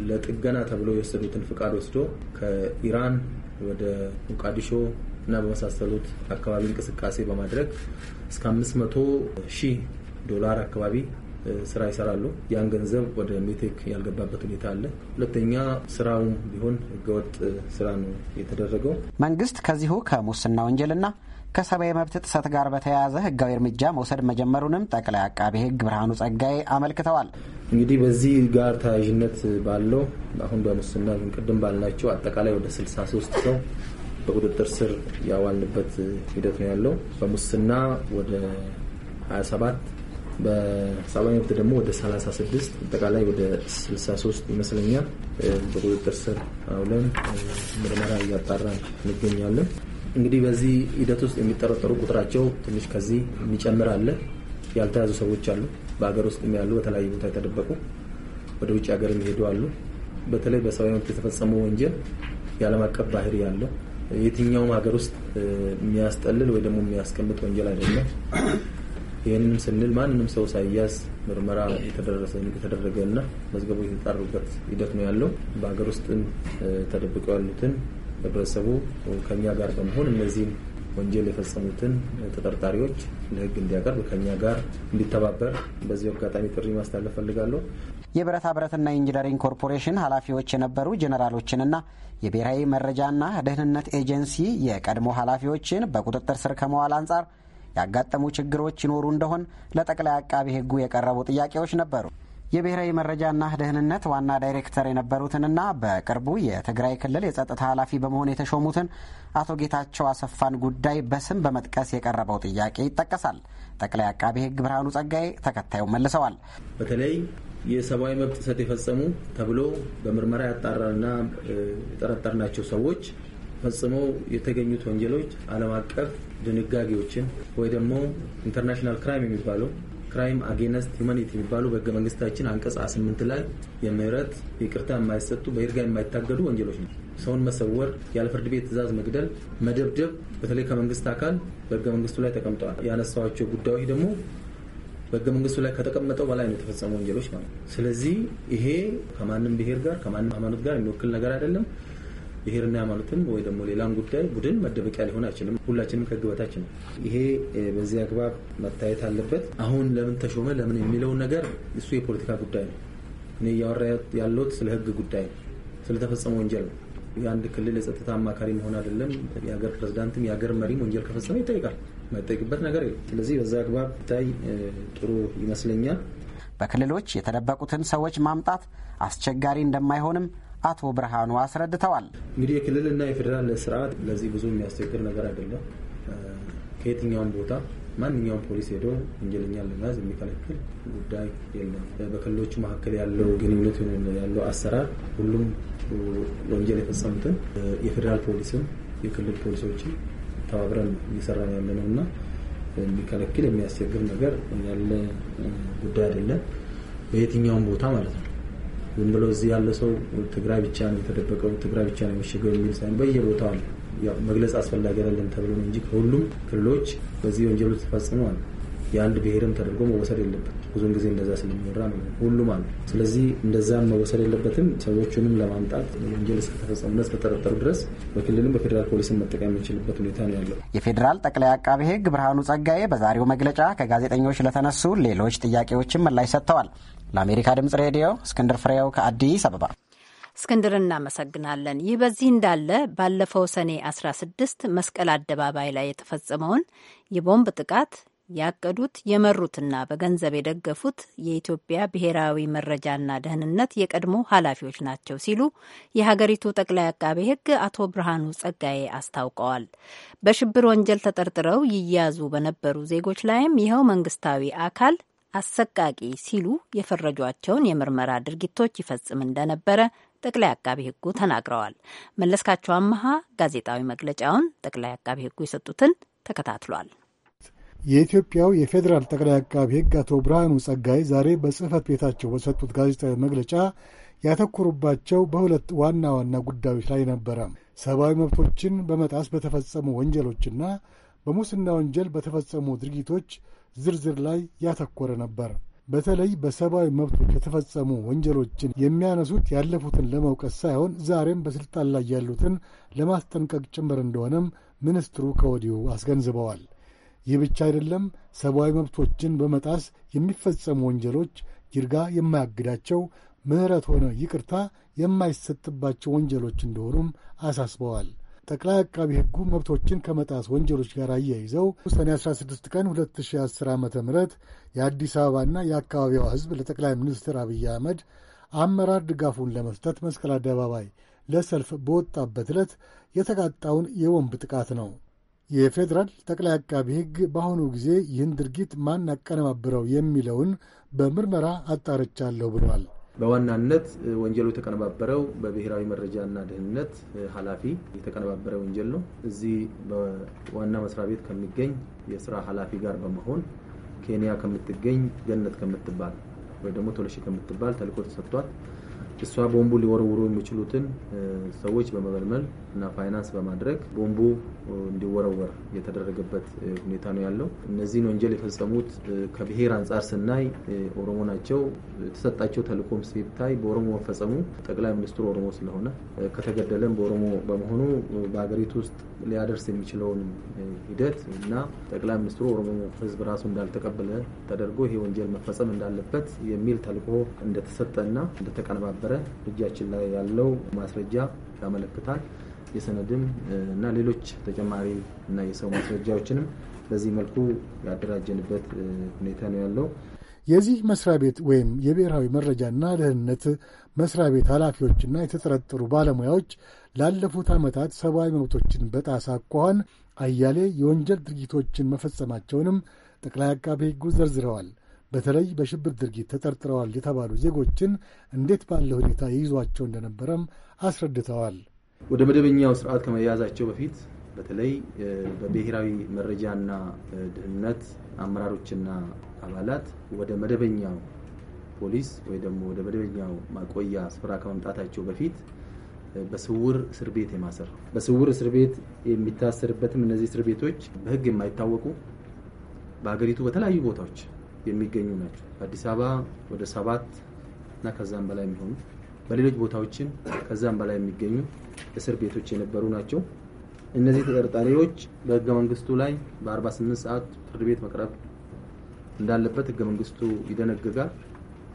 ለጥገና ተብሎ የወሰዱትን ፍቃድ ወስዶ ከኢራን ወደ ሞቃዲሾ እና በመሳሰሉት አካባቢ እንቅስቃሴ በማድረግ እስከ 500 ሺህ ዶላር አካባቢ ስራ ይሰራሉ። ያን ገንዘብ ወደ ሜቴክ ያልገባበት ሁኔታ አለ። ሁለተኛ ስራውም ቢሆን ህገወጥ ስራ ነው የተደረገው። መንግስት ከዚሁ ከሙስና ወንጀልና ከሰብአዊ መብት ጥሰት ጋር በተያያዘ ህጋዊ እርምጃ መውሰድ መጀመሩንም ጠቅላይ አቃቤ ህግ ብርሃኑ ጸጋዬ አመልክተዋል። እንግዲህ በዚህ ጋር ተያያዥነት ባለው አሁን በሙስና ቅድም ባልናቸው አጠቃላይ ወደ 63 ሰው በቁጥጥር ስር ያዋልንበት ሂደት ነው ያለው። በሙስና ወደ 27 በሰብአዊ መብት ደግሞ ወደ 36 አጠቃላይ ወደ 63 ይመስለኛል በቁጥጥር ስር አውለን ምርመራ እያጣራን እንገኛለን። እንግዲህ በዚህ ሂደት ውስጥ የሚጠረጠሩ ቁጥራቸው ትንሽ ከዚህ የሚጨምር አለ። ያልተያዙ ሰዎች አሉ። በሀገር ውስጥም ያሉ በተለያዩ ቦታ የተደበቁ ወደ ውጭ ሀገር የሚሄዱ አሉ። በተለይ በሰብአዊ መብት የተፈጸመው ወንጀል የዓለም አቀፍ ባህሪ ያለው የትኛውም ሀገር ውስጥ የሚያስጠልል ወይ ደግሞ የሚያስቀምጥ ወንጀል አይደለም። ይህንንም ስንል ማንንም ሰው ሳያዝ ምርመራ የተደረገና መዝገቦች የተጣሩበት ሂደት ነው ያለው። በሀገር ውስጥም ተደብቀው ያሉትን ህብረተሰቡ ከኛ ጋር በመሆን እነዚህም ወንጀል የፈጸሙትን ተጠርጣሪዎች ለህግ እንዲያቀርብ ከኛ ጋር እንዲተባበር በዚህ አጋጣሚ ጥሪ ማስተላለፍ ፈልጋለሁ። የብረታ ብረትና ኢንጂነሪንግ ኮርፖሬሽን ኃላፊዎች የነበሩ ጀነራሎችንና የብሔራዊ መረጃና ደህንነት ኤጀንሲ የቀድሞ ኃላፊዎችን በቁጥጥር ስር ከመዋል አንጻር ያጋጠሙ ችግሮች ይኖሩ እንደሆን ለጠቅላይ አቃቢ ህጉ የቀረቡ ጥያቄዎች ነበሩ። የብሔራዊ መረጃና ደህንነት ዋና ዳይሬክተር የነበሩትንና በቅርቡ የትግራይ ክልል የጸጥታ ኃላፊ በመሆን የተሾሙትን አቶ ጌታቸው አሰፋን ጉዳይ በስም በመጥቀስ የቀረበው ጥያቄ ይጠቀሳል። ጠቅላይ አቃቤ ሕግ ብርሃኑ ጸጋዬ ተከታዩ መልሰዋል። በተለይ የሰብአዊ መብት ጥሰት የፈጸሙ ተብሎ በምርመራ ያጣራና የጠረጠርናቸው ሰዎች ፈጽመው የተገኙት ወንጀሎች ዓለም አቀፍ ድንጋጌዎችን ወይ ደግሞ ኢንተርናሽናል ክራይም የሚባለው ክራይም አጌነስት ሂውማኒቲ የሚባሉ በህገ መንግስታችን አንቀጽ 28 ላይ የምህረት ይቅርታ የማይሰጡ በይርጋ የማይታገዱ ወንጀሎች ነው። ሰውን መሰወር፣ ያለ ፍርድ ቤት ትእዛዝ መግደል፣ መደብደብ በተለይ ከመንግስት አካል በህገ መንግስቱ ላይ ተቀምጠዋል። ያነሳዋቸው ጉዳዮች ደግሞ በህገ መንግስቱ ላይ ከተቀመጠው በላይ ነው የተፈጸሙ ወንጀሎች ማለት ነው። ስለዚህ ይሄ ከማንም ብሔር ጋር ከማንም ሃይማኖት ጋር የሚወክል ነገር አይደለም። ብሔርና ሃይማኖትን ወይ ደግሞ ሌላን ጉዳይ ቡድን መደበቂያ ሊሆን አይችልም። ሁላችንም ከህግ በታች ነው። ይሄ በዚህ አግባብ መታየት አለበት። አሁን ለምን ተሾመ ለምን የሚለውን ነገር እሱ የፖለቲካ ጉዳይ ነው። እኔ እያወራ ያለሁት ስለ ህግ ጉዳይ ነው፣ ስለተፈጸመ ወንጀል ነው። የአንድ ክልል የጸጥታ አማካሪ መሆን አይደለም። የሀገር ፕሬዚዳንትም የሀገር መሪም ወንጀል ከፈጸመ ይጠይቃል። የማይጠይቅበት ነገር የለም። ስለዚህ በዛ አግባብ ታይ ጥሩ ይመስለኛል። በክልሎች የተደበቁትን ሰዎች ማምጣት አስቸጋሪ እንደማይሆንም አቶ ብርሃኑ አስረድተዋል። እንግዲህ የክልልና የፌዴራል ስርዓት ለዚህ ብዙ የሚያስቸግር ነገር አይደለም። ከየትኛውም ቦታ ማንኛውም ፖሊስ ሄዶ ወንጀለኛ ለመያዝ የሚከለክል ጉዳይ የለም። በክልሎቹ መካከል ያለው ግንኙነት ያለው አሰራር ሁሉም ወንጀል የፈጸሙትን የፌዴራል ፖሊስም የክልል ፖሊሶችም ተባብረን እየሰራ ነው ያለ ነው እና የሚከለክል የሚያስቸግር ነገር ያለ ጉዳይ አይደለም። በየትኛውም ቦታ ማለት ነው። ዝም ብሎ እዚህ ያለ ሰው ትግራይ ብቻ ነው የተደበቀው፣ ትግራይ ብቻ ነው የሚሸገው የሚል ሳይሆን በየቦታው አለ። መግለጽ አስፈላጊ አይደለም ተብሎ ነው እንጂ ከሁሉም ክልሎች በዚህ ወንጀሎች ተፈጽመዋል። የአንድ ብሔርም ተደርጎ መወሰድ የለበት ብዙን ጊዜ እንደዛ ስለሚወራ ነው ሁሉም አለ። ስለዚህ እንደዛም መወሰድ የለበትም። ሰዎቹንም ለማምጣት ወንጀል እስከተፈጸሙ ድረስ በጠረጠሩ ድረስ በክልልም በፌዴራል ፖሊስን መጠቀም የሚችልበት ሁኔታ ነው ያለው። የፌዴራል ጠቅላይ አቃቤ ሕግ ብርሃኑ ጸጋዬ በዛሬው መግለጫ ከጋዜጠኞች ለተነሱ ሌሎች ጥያቄዎችን ምላሽ ሰጥተዋል። ለአሜሪካ ድምጽ ሬዲዮ እስክንድር ፍሬው ከአዲስ አበባ። እስክንድር እናመሰግናለን። ይህ በዚህ እንዳለ ባለፈው ሰኔ 16 መስቀል አደባባይ ላይ የተፈጸመውን የቦምብ ጥቃት ያቀዱት የመሩትና በገንዘብ የደገፉት የኢትዮጵያ ብሔራዊ መረጃና ደህንነት የቀድሞ ኃላፊዎች ናቸው ሲሉ የሀገሪቱ ጠቅላይ አቃቤ ሕግ አቶ ብርሃኑ ጸጋዬ አስታውቀዋል። በሽብር ወንጀል ተጠርጥረው ይያዙ በነበሩ ዜጎች ላይም ይኸው መንግስታዊ አካል አሰቃቂ ሲሉ የፈረጇቸውን የምርመራ ድርጊቶች ይፈጽም እንደነበረ ጠቅላይ አቃቢ ሕጉ ተናግረዋል። መለስካቸው አመሃ ጋዜጣዊ መግለጫውን ጠቅላይ አቃቢ ሕጉ የሰጡትን ተከታትሏል። የኢትዮጵያው የፌዴራል ጠቅላይ አቃቢ ሕግ አቶ ብርሃኑ ጸጋይ ዛሬ በጽህፈት ቤታቸው በሰጡት ጋዜጣዊ መግለጫ ያተኮሩባቸው በሁለት ዋና ዋና ጉዳዮች ላይ ነበረ። ሰብአዊ መብቶችን በመጣስ በተፈጸሙ ወንጀሎችና በሙስና ወንጀል በተፈጸሙ ድርጊቶች ዝርዝር ላይ ያተኮረ ነበር። በተለይ በሰብአዊ መብቶች የተፈጸሙ ወንጀሎችን የሚያነሱት ያለፉትን ለመውቀስ ሳይሆን ዛሬም በስልጣን ላይ ያሉትን ለማስጠንቀቅ ጭምር እንደሆነም ሚኒስትሩ ከወዲሁ አስገንዝበዋል። ይህ ብቻ አይደለም። ሰብአዊ መብቶችን በመጣስ የሚፈጸሙ ወንጀሎች ይርጋ የማያግዳቸው ምሕረት ሆነ ይቅርታ የማይሰጥባቸው ወንጀሎች እንደሆኑም አሳስበዋል። ጠቅላይ አቃቢ ሕጉ መብቶችን ከመጣስ ወንጀሎች ጋር አያይዘው ሰኔ 16 ቀን 2010 ዓ ም የአዲስ አበባና የአካባቢዋ ሕዝብ ለጠቅላይ ሚኒስትር አብይ አህመድ አመራር ድጋፉን ለመስጠት መስቀል አደባባይ ለሰልፍ በወጣበት ዕለት የተቃጣውን የወንብ ጥቃት ነው። የፌዴራል ጠቅላይ አቃቢ ሕግ በአሁኑ ጊዜ ይህን ድርጊት ማን አቀነባብረው የሚለውን በምርመራ አጣርቻለሁ ብሏል። በዋናነት ወንጀሉ የተቀነባበረው በብሔራዊ መረጃና ደህንነት ኃላፊ የተቀነባበረ ወንጀል ነው። እዚህ በዋና መስሪያ ቤት ከሚገኝ የስራ ኃላፊ ጋር በመሆን ኬንያ ከምትገኝ ገነት ከምትባል ወይ ደግሞ ቶለሺ ከምትባል ተልእኮ ተሰጥቷል። እሷ ቦምቡ ሊወረውሩ የሚችሉትን ሰዎች በመመልመል እና ፋይናንስ በማድረግ ቦምቡ እንዲወረወር የተደረገበት ሁኔታ ነው ያለው። እነዚህን ወንጀል የፈጸሙት ከብሔር አንጻር ስናይ ኦሮሞ ናቸው። የተሰጣቸው ተልእኮም ሲታይ በኦሮሞ መፈጸሙ ጠቅላይ ሚኒስትሩ ኦሮሞ ስለሆነ ከተገደለም በኦሮሞ በመሆኑ በሀገሪቱ ውስጥ ሊያደርስ የሚችለውን ሂደት እና ጠቅላይ ሚኒስትሩ ኦሮሞ ሕዝብ ራሱ እንዳልተቀበለ ተደርጎ ይሄ ወንጀል መፈጸም እንዳለበት የሚል ተልእኮ እንደተሰጠና እንደተቀነባበረ እንደነበረ እጃችን ላይ ያለው ማስረጃ ያመለክታል። የሰነድም እና ሌሎች ተጨማሪ እና የሰው ማስረጃዎችንም በዚህ መልኩ ያደራጀንበት ሁኔታ ነው ያለው። የዚህ መስሪያ ቤት ወይም የብሔራዊ መረጃና ደህንነት መስሪያ ቤት ኃላፊዎችና የተጠረጠሩ ባለሙያዎች ላለፉት ዓመታት ሰብአዊ መብቶችን በጣሳ አኳኋን አያሌ የወንጀል ድርጊቶችን መፈጸማቸውንም ጠቅላይ አቃቤ ሕጉ ዘርዝረዋል። በተለይ በሽብር ድርጊት ተጠርጥረዋል የተባሉ ዜጎችን እንዴት ባለ ሁኔታ ይይዟቸው እንደነበረም አስረድተዋል። ወደ መደበኛው ስርዓት ከመያዛቸው በፊት በተለይ በብሔራዊ መረጃና ደህንነት አመራሮችና አባላት ወደ መደበኛው ፖሊስ ወይ ደግሞ ወደ መደበኛው ማቆያ ስፍራ ከመምጣታቸው በፊት በስውር እስር ቤት የማሰር በስውር እስር ቤት የሚታሰርበትም እነዚህ እስር ቤቶች በሕግ የማይታወቁ በሀገሪቱ በተለያዩ ቦታዎች የሚገኙ ናቸው። በአዲስ አበባ ወደ ሰባት እና ከዛም በላይ የሚሆኑ በሌሎች ቦታዎችም ከዛም በላይ የሚገኙ እስር ቤቶች የነበሩ ናቸው። እነዚህ ተጠርጣሪዎች በህገ መንግስቱ ላይ በ48 ሰዓት ፍርድ ቤት መቅረብ እንዳለበት ህገ መንግስቱ ይደነግጋል።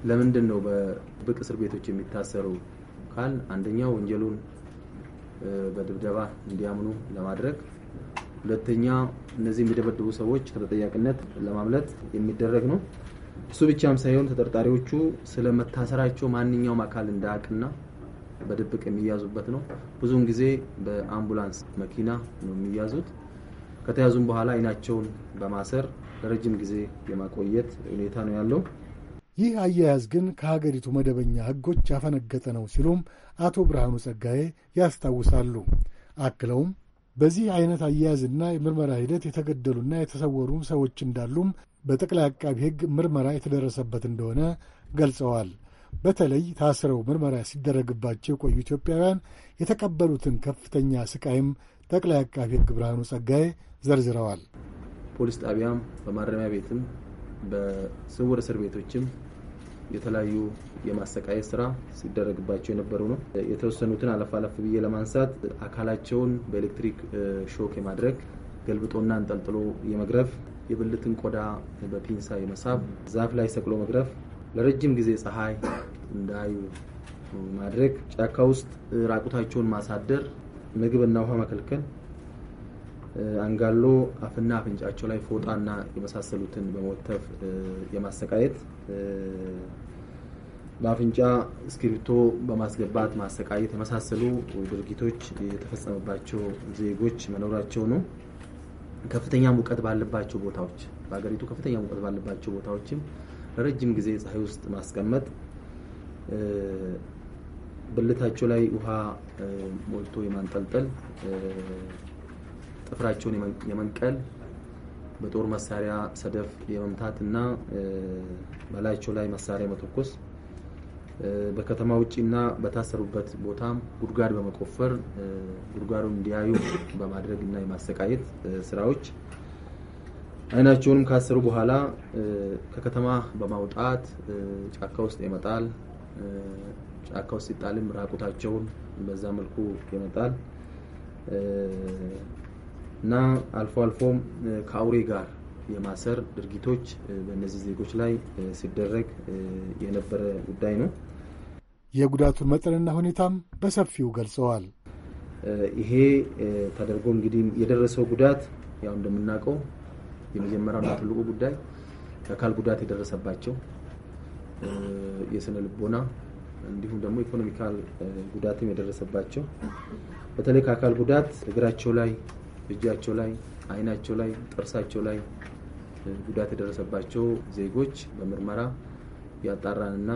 ለምንድን ነው በጥብቅ እስር ቤቶች የሚታሰሩ ካል አንደኛው ወንጀሉን በድብደባ እንዲያምኑ ለማድረግ ሁለተኛ እነዚህ የሚደበድቡ ሰዎች ከተጠያቂነት ለማምለጥ የሚደረግ ነው። እሱ ብቻም ሳይሆን ተጠርጣሪዎቹ ስለመታሰራቸው ማንኛውም አካል እንዳያውቅና በድብቅ የሚያዙበት ነው። ብዙውን ጊዜ በአምቡላንስ መኪና ነው የሚያዙት። ከተያዙም በኋላ አይናቸውን በማሰር ለረጅም ጊዜ የማቆየት ሁኔታ ነው ያለው። ይህ አያያዝ ግን ከሀገሪቱ መደበኛ ሕጎች ያፈነገጠ ነው ሲሉም አቶ ብርሃኑ ጸጋዬ ያስታውሳሉ። አክለውም በዚህ አይነት አያያዝና የምርመራ ሂደት የተገደሉና የተሰወሩ ሰዎች እንዳሉም በጠቅላይ አቃቢ ሕግ ምርመራ የተደረሰበት እንደሆነ ገልጸዋል። በተለይ ታስረው ምርመራ ሲደረግባቸው የቆዩ ኢትዮጵያውያን የተቀበሉትን ከፍተኛ ስቃይም ጠቅላይ አቃቢ ሕግ ብርሃኑ ጸጋዬ ዘርዝረዋል። ፖሊስ ጣቢያም፣ በማረሚያ ቤትም፣ በስውር እስር ቤቶችም የተለያዩ የማሰቃየት ስራ ሲደረግባቸው የነበሩ ነው። የተወሰኑትን አለፍ አለፍ ብዬ ለማንሳት አካላቸውን በኤሌክትሪክ ሾክ የማድረግ ገልብጦና እንጠልጥሎ የመግረፍ፣ የብልትን ቆዳ በፒንሳ የመሳብ፣ ዛፍ ላይ ሰቅሎ መግረፍ፣ ለረጅም ጊዜ ፀሐይ እንዳዩ ማድረግ፣ ጫካ ውስጥ ራቁታቸውን ማሳደር፣ ምግብና ውሃ መከልከል አንጋሎ አፍና አፍንጫቸው ላይ ፎጣና የመሳሰሉትን በመወተፍ የማሰቃየት በአፍንጫ እስክሪብቶ በማስገባት ማሰቃየት የመሳሰሉ ድርጊቶች የተፈጸመባቸው ዜጎች መኖራቸው ነው። ከፍተኛ ሙቀት ባለባቸው ቦታዎች በሀገሪቱ ከፍተኛ ሙቀት ባለባቸው ቦታዎችም ለረጅም ጊዜ ፀሐይ ውስጥ ማስቀመጥ፣ ብልታቸው ላይ ውሃ ሞልቶ የማንጠልጠል ጥፍራቸውን የመንቀል በጦር መሳሪያ ሰደፍ የመምታት እና በላያቸው ላይ መሳሪያ መተኮስ በከተማ ውጭ በታሰሩበት ቦታም ጉድጓድ በመቆፈር ጉድጓዱን እንዲያዩ በማድረግ እና የማሰቃየት ስራዎች አይናቸውንም ካሰሩ በኋላ ከከተማ በማውጣት ጫካ ውስጥ ይመጣል ጫካ ውስጥ ሲጣልም ራቁታቸውን በዛ መልኩ ይመጣል። እና አልፎ አልፎም ከአውሬ ጋር የማሰር ድርጊቶች በእነዚህ ዜጎች ላይ ሲደረግ የነበረ ጉዳይ ነው። የጉዳቱን መጠንና ሁኔታም በሰፊው ገልጸዋል። ይሄ ተደርጎ እንግዲህ የደረሰው ጉዳት ያው እንደምናውቀው የመጀመሪያውና ትልቁ ጉዳይ የአካል ጉዳት የደረሰባቸው የስነ ልቦና እንዲሁም ደግሞ ኢኮኖሚካል ጉዳትም የደረሰባቸው በተለይ ከአካል ጉዳት እግራቸው ላይ እጃቸው ላይ፣ አይናቸው ላይ፣ ጥርሳቸው ላይ ጉዳት የደረሰባቸው ዜጎች በምርመራ ያጣራንና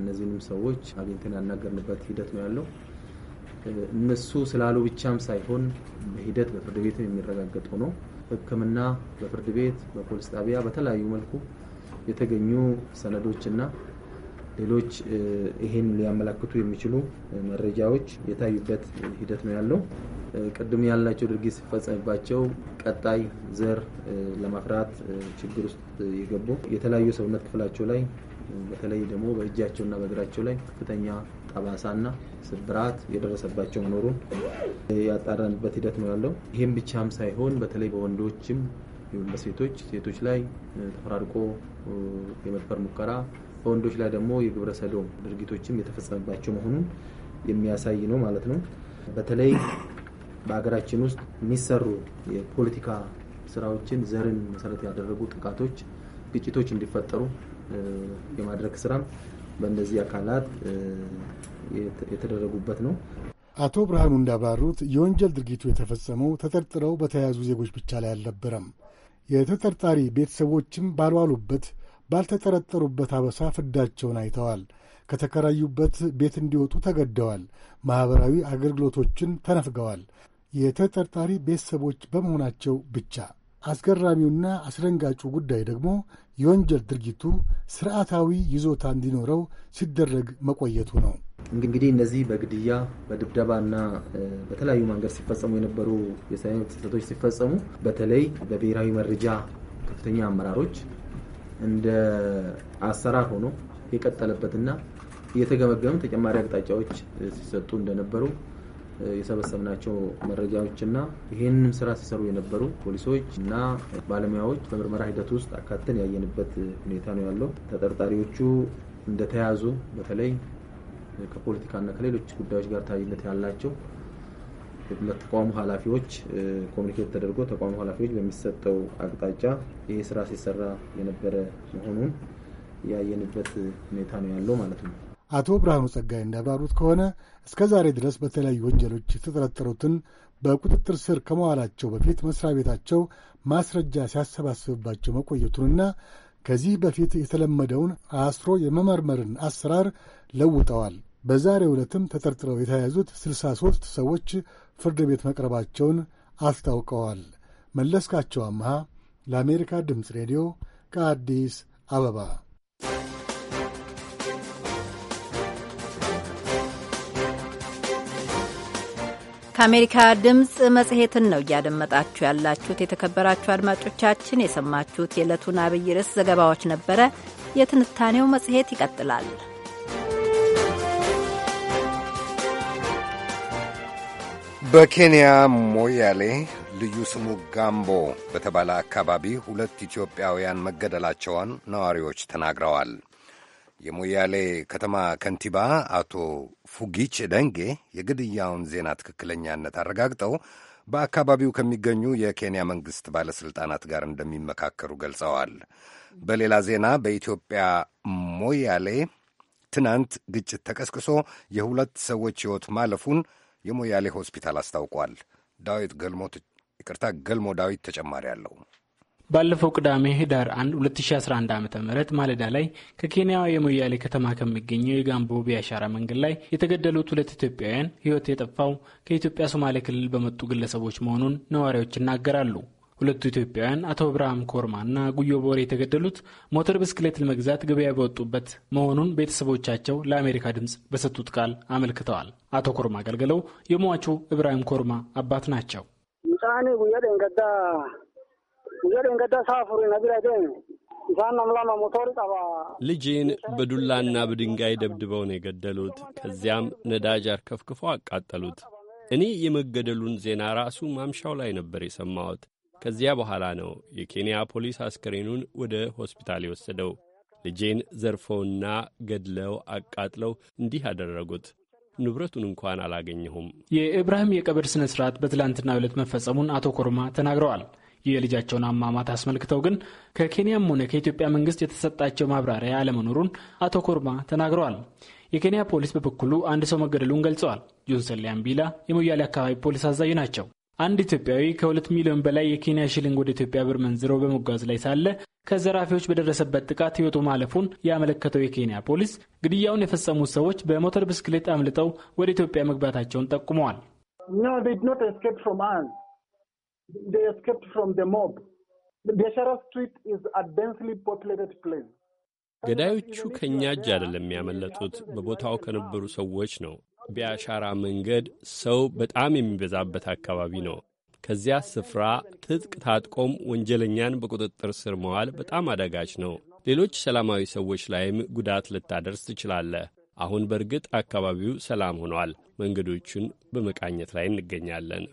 እነዚህንም ሰዎች አግኝተን ያናገርንበት ሂደት ነው ያለው። እነሱ ስላሉ ብቻም ሳይሆን በሂደት በፍርድ ቤትም የሚረጋገጡ ነው። ሕክምና በፍርድ ቤት በፖሊስ ጣቢያ በተለያዩ መልኩ የተገኙ ሰነዶችና ሌሎች ይሄን ሊያመላክቱ የሚችሉ መረጃዎች የታዩበት ሂደት ነው ያለው። ቅድም ያልናቸው ድርጊት ሲፈጸምባቸው ቀጣይ ዘር ለማፍራት ችግር ውስጥ የገቡ የተለያዩ ሰውነት ክፍላቸው ላይ በተለይ ደግሞ በእጃቸውና በእግራቸው ላይ ከፍተኛ ጠባሳና ስብራት የደረሰባቸው መኖሩን ያጣራንበት ሂደት ነው ያለው። ይህም ብቻም ሳይሆን በተለይ በወንዶችም በሴቶች ሴቶች ላይ ተፈራርቆ የመድፈር ሙከራ በወንዶች ላይ ደግሞ የግብረ ሰዶም ድርጊቶችም የተፈጸመባቸው መሆኑን የሚያሳይ ነው ማለት ነው። በተለይ በሀገራችን ውስጥ የሚሰሩ የፖለቲካ ስራዎችን ዘርን መሰረት ያደረጉ ጥቃቶች፣ ግጭቶች እንዲፈጠሩ የማድረግ ስራ በእነዚህ አካላት የተደረጉበት ነው። አቶ ብርሃኑ እንዳብራሩት የወንጀል ድርጊቱ የተፈጸመው ተጠርጥረው በተያያዙ ዜጎች ብቻ ላይ አልነበረም። የተጠርጣሪ ቤተሰቦችም ባልዋሉበት ባልተጠረጠሩበት አበሳ ፍዳቸውን አይተዋል። ከተከራዩበት ቤት እንዲወጡ ተገደዋል። ማኅበራዊ አገልግሎቶችን ተነፍገዋል። የተጠርጣሪ ቤተሰቦች በመሆናቸው ብቻ። አስገራሚውና አስደንጋጩ ጉዳይ ደግሞ የወንጀል ድርጊቱ ስርዓታዊ ይዞታ እንዲኖረው ሲደረግ መቆየቱ ነው። እንግዲህ እነዚህ በግድያ በድብደባ በተለያዩ መንገድ ሲፈጸሙ የነበሩ የሳይንስ ጥሰቶች ሲፈጸሙ በተለይ በብሔራዊ መረጃ ከፍተኛ አመራሮች እንደ አሰራር ሆኖ የቀጠለበትና እየተገመገሙ ተጨማሪ አቅጣጫዎች ሲሰጡ እንደነበሩ የሰበሰብናቸው መረጃዎች እና ይህንንም ስራ ሲሰሩ የነበሩ ፖሊሶች እና ባለሙያዎች በምርመራ ሂደት ውስጥ አካተን ያየንበት ሁኔታ ነው ያለው። ተጠርጣሪዎቹ እንደተያዙ በተለይ ከፖለቲካና ከሌሎች ጉዳዮች ጋር ተያያዥነት ያላቸው ለተቋሙ ኃላፊዎች ኮሚኒኬት ተደርጎ ተቋሙ ኃላፊዎች በሚሰጠው አቅጣጫ ይህ ስራ ሲሰራ የነበረ መሆኑን ያየንበት ሁኔታ ነው ያለው ማለት ነው። አቶ ብርሃኑ ጸጋይ እንዳብራሩት ከሆነ እስከ ዛሬ ድረስ በተለያዩ ወንጀሎች የተጠረጠሩትን በቁጥጥር ስር ከመዋላቸው በፊት መስሪያ ቤታቸው ማስረጃ ሲያሰባስብባቸው መቆየቱንና ከዚህ በፊት የተለመደውን አስሮ የመመርመርን አሰራር ለውጠዋል። በዛሬ ዕለትም ተጠርጥረው የተያያዙት ስልሳ ሦስት ሰዎች ፍርድ ቤት መቅረባቸውን አስታውቀዋል። መለስካቸው አምሃ ለአሜሪካ ድምፅ ሬዲዮ ከአዲስ አበባ ከአሜሪካ ድምፅ መጽሔትን ነው እያደመጣችሁ ያላችሁት። የተከበራችሁ አድማጮቻችን የሰማችሁት የዕለቱን አብይ ርዕስ ዘገባዎች ነበረ። የትንታኔው መጽሔት ይቀጥላል። በኬንያ ሞያሌ ልዩ ስሙ ጋምቦ በተባለ አካባቢ ሁለት ኢትዮጵያውያን መገደላቸውን ነዋሪዎች ተናግረዋል። የሞያሌ ከተማ ከንቲባ አቶ ፉጊች ደንጌ የግድያውን ዜና ትክክለኛነት አረጋግጠው በአካባቢው ከሚገኙ የኬንያ መንግሥት ባለሥልጣናት ጋር እንደሚመካከሩ ገልጸዋል። በሌላ ዜና በኢትዮጵያ ሞያሌ ትናንት ግጭት ተቀስቅሶ የሁለት ሰዎች ሕይወት ማለፉን የሞያሌ ሆስፒታል አስታውቋል። ዳዊት ገልሞ ይቅርታ ገልሞ ዳዊት ተጨማሪ አለው። ባለፈው ቅዳሜ ህዳር 1 2011 ዓ ም ማለዳ ላይ ከኬንያ የሞያሌ ከተማ ከሚገኘው የጋምቦ ቢያሻራ መንገድ ላይ የተገደሉት ሁለት ኢትዮጵያውያን ህይወት የጠፋው ከኢትዮጵያ ሶማሌ ክልል በመጡ ግለሰቦች መሆኑን ነዋሪዎች ይናገራሉ። ሁለቱ ኢትዮጵያውያን አቶ ብርሃም እና ጉዮ ቦሬ የተገደሉት ሞተር ብስክሌት ለመግዛት ገበያ በወጡበት መሆኑን ቤተሰቦቻቸው ለአሜሪካ ድምፅ በሰጡት ቃል አመልክተዋል። አቶ ኮርማ አገልግለው የሟቹ እብራሂም ኮርማ አባት ናቸው። ልጄን በዱላና በድንጋይ ደብድበው ነው የገደሉት። ከዚያም ነዳጅ አርከፍክፎ አቃጠሉት። እኔ የመገደሉን ዜና ራሱ ማምሻው ላይ ነበር የሰማሁት። ከዚያ በኋላ ነው የኬንያ ፖሊስ አስከሬኑን ወደ ሆስፒታል የወሰደው። ልጄን ዘርፈውና ገድለው አቃጥለው እንዲህ ያደረጉት። ንብረቱን እንኳን አላገኘሁም። የኢብራሂም የቀብር ስነ ስርዓት በትላንትና ዕለት መፈጸሙን አቶ ኮርማ ተናግረዋል። የልጃቸውን አሟሟት አስመልክተው ግን ከኬንያም ሆነ ከኢትዮጵያ መንግስት የተሰጣቸው ማብራሪያ አለመኖሩን አቶ ኮርማ ተናግረዋል። የኬንያ ፖሊስ በበኩሉ አንድ ሰው መገደሉን ገልጸዋል። ጆንሰሊያም ቢላ የሞያሌ አካባቢ ፖሊስ አዛዥ ናቸው። አንድ ኢትዮጵያዊ ከሁለት ሚሊዮን በላይ የኬንያ ሽሊንግ ወደ ኢትዮጵያ ብር መንዝረው በመጓዝ ላይ ሳለ ከዘራፊዎች በደረሰበት ጥቃት ሕይወቱ ማለፉን ያመለከተው የኬንያ ፖሊስ ግድያውን የፈጸሙት ሰዎች በሞተር ብስክሌት አምልጠው ወደ ኢትዮጵያ መግባታቸውን ጠቁመዋል። They escaped from the mob. Beshara Street is a densely populated place. ገዳዮቹ ከእኛ እጅ አይደለም ያመለጡት፣ በቦታው ከነበሩ ሰዎች ነው። ቢያሻራ መንገድ ሰው በጣም የሚበዛበት አካባቢ ነው። ከዚያ ስፍራ ትጥቅ ታጥቆም ወንጀለኛን በቁጥጥር ስር መዋል በጣም አዳጋች ነው። ሌሎች ሰላማዊ ሰዎች ላይም ጉዳት ልታደርስ ትችላለህ። አሁን በእርግጥ አካባቢው ሰላም ሆኗል። መንገዶቹን በመቃኘት ላይ እንገኛለን።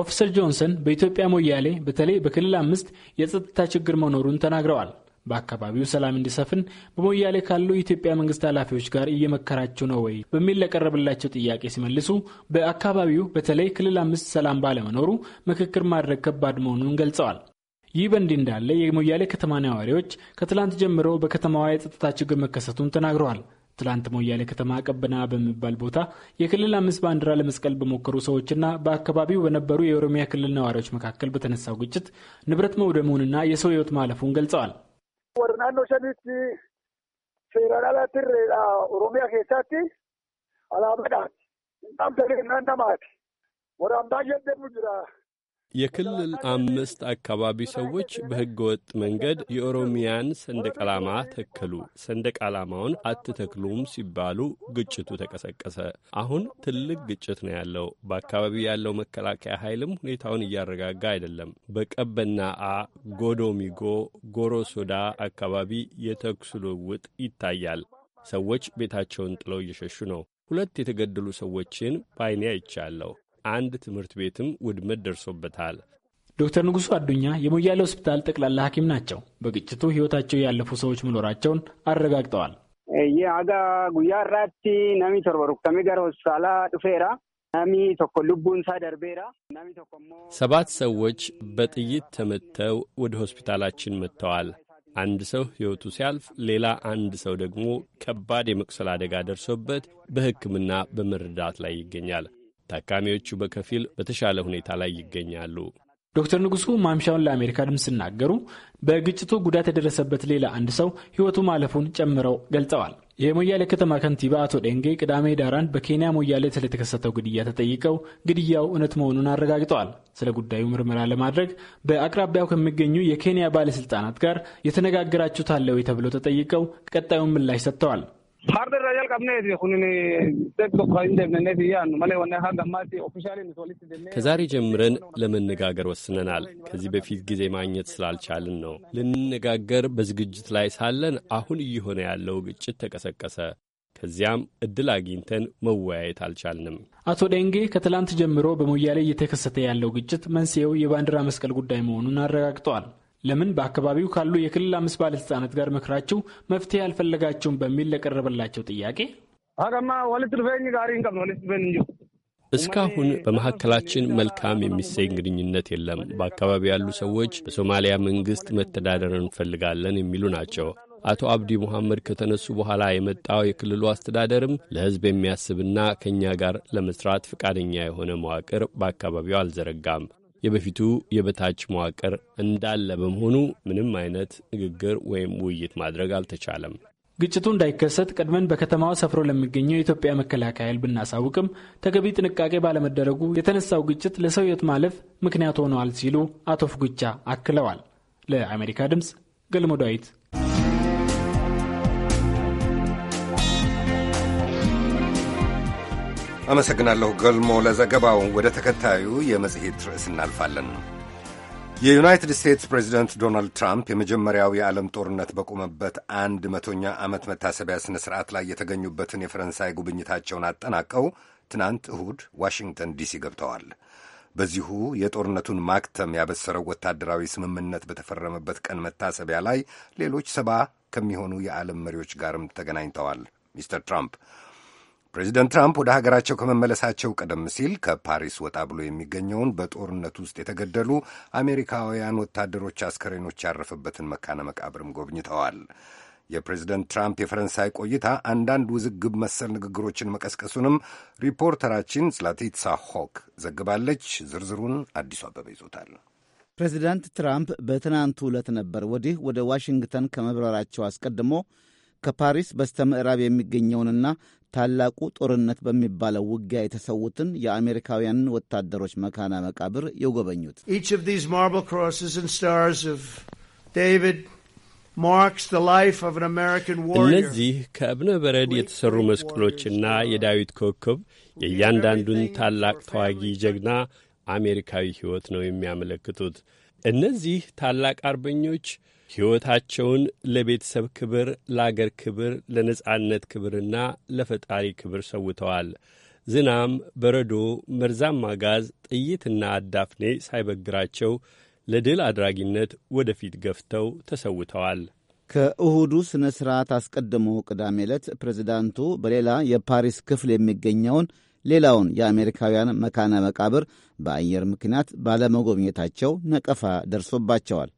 ኦፊሰር ጆንሰን በኢትዮጵያ ሞያሌ በተለይ በክልል አምስት የጸጥታ ችግር መኖሩን ተናግረዋል። በአካባቢው ሰላም እንዲሰፍን በሞያሌ ካሉ የኢትዮጵያ መንግስት ኃላፊዎች ጋር እየመከራችሁ ነው ወይ በሚል ለቀረብላቸው ጥያቄ ሲመልሱ በአካባቢው በተለይ ክልል አምስት ሰላም ባለመኖሩ ምክክር ማድረግ ከባድ መሆኑን ገልጸዋል። ይህ በእንዲህ እንዳለ የሞያሌ ከተማ ነዋሪዎች ከትላንት ጀምሮ በከተማዋ የጸጥታ ችግር መከሰቱን ተናግረዋል። ትላንት ሞያሌ ከተማ ቀበና በሚባል ቦታ የክልል አምስት ባንዲራ ለመስቀል በሞከሩ ሰዎችና በአካባቢው በነበሩ የኦሮሚያ ክልል ነዋሪዎች መካከል በተነሳው ግጭት ንብረት መውደሙንና የሰው ሕይወት ማለፉን ገልጸዋል። ኦሮሚያ ኬሳቲ አላመዳት የክልል አምስት አካባቢ ሰዎች በሕገ ወጥ መንገድ የኦሮሚያን ሰንደቅ ዓላማ ተከሉ። ሰንደቅ ዓላማውን አትተክሉም ሲባሉ ግጭቱ ተቀሰቀሰ። አሁን ትልቅ ግጭት ነው ያለው። በአካባቢው ያለው መከላከያ ኃይልም ሁኔታውን እያረጋጋ አይደለም። በቀበና አ ጎዶሚጎ፣ ጎሮ ሶዳ አካባቢ የተኩስ ልውውጥ ይታያል። ሰዎች ቤታቸውን ጥለው እየሸሹ ነው። ሁለት የተገደሉ ሰዎችን በዓይኔ አይቻለሁ። አንድ ትምህርት ቤትም ውድመት ደርሶበታል። ዶክተር ንጉሱ አዱኛ የሞያሌ ሆስፒታል ጠቅላላ ሐኪም ናቸው። በግጭቱ ህይወታቸው ያለፉ ሰዎች መኖራቸውን አረጋግጠዋል። የአጋ ጉያ ራቲ ነሚ ቶርበ ሆስፒታላ ዱፌራ ነሚ ቶኮ ልቡንሳ ደርቤራ ነሚ ቶኮ ሰባት ሰዎች በጥይት ተመተው ወደ ሆስፒታላችን መጥተዋል። አንድ ሰው ሕይወቱ ሲያልፍ ሌላ አንድ ሰው ደግሞ ከባድ የመቁሰል አደጋ ደርሶበት በሕክምና በመረዳት ላይ ይገኛል። ታካሚዎቹ በከፊል በተሻለ ሁኔታ ላይ ይገኛሉ። ዶክተር ንጉሱ ማምሻውን ለአሜሪካ ድምፅ ሲናገሩ በግጭቱ ጉዳት የደረሰበት ሌላ አንድ ሰው ሕይወቱ ማለፉን ጨምረው ገልጸዋል። የሞያሌ ከተማ ከንቲባ አቶ ደንጌ ቅዳሜ ዳራን በኬንያ ሞያሌ ስለተከሰተው ግድያ ተጠይቀው ግድያው እውነት መሆኑን አረጋግጠዋል። ስለ ጉዳዩ ምርመራ ለማድረግ በአቅራቢያው ከሚገኙ የኬንያ ባለሥልጣናት ጋር የተነጋገራችሁ ታለው ተብለው ተጠይቀው ቀጣዩን ምላሽ ሰጥተዋል። ከዛሬ ጀምረን ለመነጋገር ወስነናል። ከዚህ በፊት ጊዜ ማግኘት ስላልቻልን ነው። ልንነጋገር በዝግጅት ላይ ሳለን አሁን እየሆነ ያለው ግጭት ተቀሰቀሰ። ከዚያም እድል አግኝተን መወያየት አልቻልንም። አቶ ደንጌ ከትላንት ጀምሮ በሞያሌ እየተከሰተ ያለው ግጭት መንስኤው የባንዲራ መስቀል ጉዳይ መሆኑን አረጋግጠዋል። ለምን በአካባቢው ካሉ የክልል አምስት ባለስልጣናት ጋር መክራችሁ መፍትሄ አልፈለጋችሁም በሚል ለቀረበላቸው ጥያቄ እስካሁን በመካከላችን መልካም የሚሰኝ ግንኙነት የለም። በአካባቢው ያሉ ሰዎች በሶማሊያ መንግሥት መተዳደር እንፈልጋለን የሚሉ ናቸው። አቶ አብዲ ሙሐመድ ከተነሱ በኋላ የመጣው የክልሉ አስተዳደርም ለሕዝብ የሚያስብና ከእኛ ጋር ለመስራት ፈቃደኛ የሆነ መዋቅር በአካባቢው አልዘረጋም። የበፊቱ የበታች መዋቅር እንዳለ በመሆኑ ምንም አይነት ንግግር ወይም ውይይት ማድረግ አልተቻለም። ግጭቱ እንዳይከሰት ቀድመን በከተማዋ ሰፍሮ ለሚገኘው የኢትዮጵያ መከላከያ ኃይል ብናሳውቅም ተገቢ ጥንቃቄ ባለመደረጉ የተነሳው ግጭት ለሰው ሕይወት ማለፍ ምክንያት ሆነዋል ሲሉ አቶ ፍጉቻ አክለዋል። ለአሜሪካ ድምፅ ገልሞ ዳዊት አመሰግናለሁ ገልሞ ለዘገባው። ወደ ተከታዩ የመጽሔት ርዕስ እናልፋለን። የዩናይትድ ስቴትስ ፕሬዚደንት ዶናልድ ትራምፕ የመጀመሪያው የዓለም ጦርነት በቆመበት አንድ መቶኛ ዓመት መታሰቢያ ሥነ ሥርዓት ላይ የተገኙበትን የፈረንሳይ ጉብኝታቸውን አጠናቀው ትናንት እሁድ ዋሽንግተን ዲሲ ገብተዋል። በዚሁ የጦርነቱን ማክተም ያበሰረው ወታደራዊ ስምምነት በተፈረመበት ቀን መታሰቢያ ላይ ሌሎች ሰባ ከሚሆኑ የዓለም መሪዎች ጋርም ተገናኝተዋል። ሚስተር ትራምፕ ፕሬዚደንት ትራምፕ ወደ ሀገራቸው ከመመለሳቸው ቀደም ሲል ከፓሪስ ወጣ ብሎ የሚገኘውን በጦርነት ውስጥ የተገደሉ አሜሪካውያን ወታደሮች አስከሬኖች ያረፈበትን መካነ መቃብርም ጎብኝተዋል። የፕሬዚደንት ትራምፕ የፈረንሳይ ቆይታ አንዳንድ ውዝግብ መሰል ንግግሮችን መቀስቀሱንም ሪፖርተራችን ስላቲትሳ ሆክ ዘግባለች። ዝርዝሩን አዲሱ አበበ ይዞታል። ፕሬዚዳንት ትራምፕ በትናንቱ ዕለት ነበር ወዲህ ወደ ዋሽንግተን ከመብረራቸው አስቀድሞ ከፓሪስ በስተ ምዕራብ የሚገኘውንና ታላቁ ጦርነት በሚባለው ውጊያ የተሰዉትን የአሜሪካውያንን ወታደሮች መካና መቃብር የጎበኙት። እነዚህ ከእብነ በረድ የተሠሩ መስቀሎችና የዳዊት ኮከብ የእያንዳንዱን ታላቅ ተዋጊ ጀግና አሜሪካዊ ሕይወት ነው የሚያመለክቱት። እነዚህ ታላቅ አርበኞች ሕይወታቸውን ለቤተሰብ ክብር፣ ለአገር ክብር፣ ለነጻነት ክብርና ለፈጣሪ ክብር ሰውተዋል። ዝናም፣ በረዶ፣ መርዛማ ጋዝ፣ ጥይትና አዳፍኔ ሳይበግራቸው ለድል አድራጊነት ወደፊት ገፍተው ተሰውተዋል። ከእሁዱ ሥነ ሥርዓት አስቀድሞ ቅዳሜ ዕለት ፕሬዚዳንቱ በሌላ የፓሪስ ክፍል የሚገኘውን ሌላውን የአሜሪካውያን መካነ መቃብር በአየር ምክንያት ባለመጎብኘታቸው ነቀፋ ደርሶባቸዋል።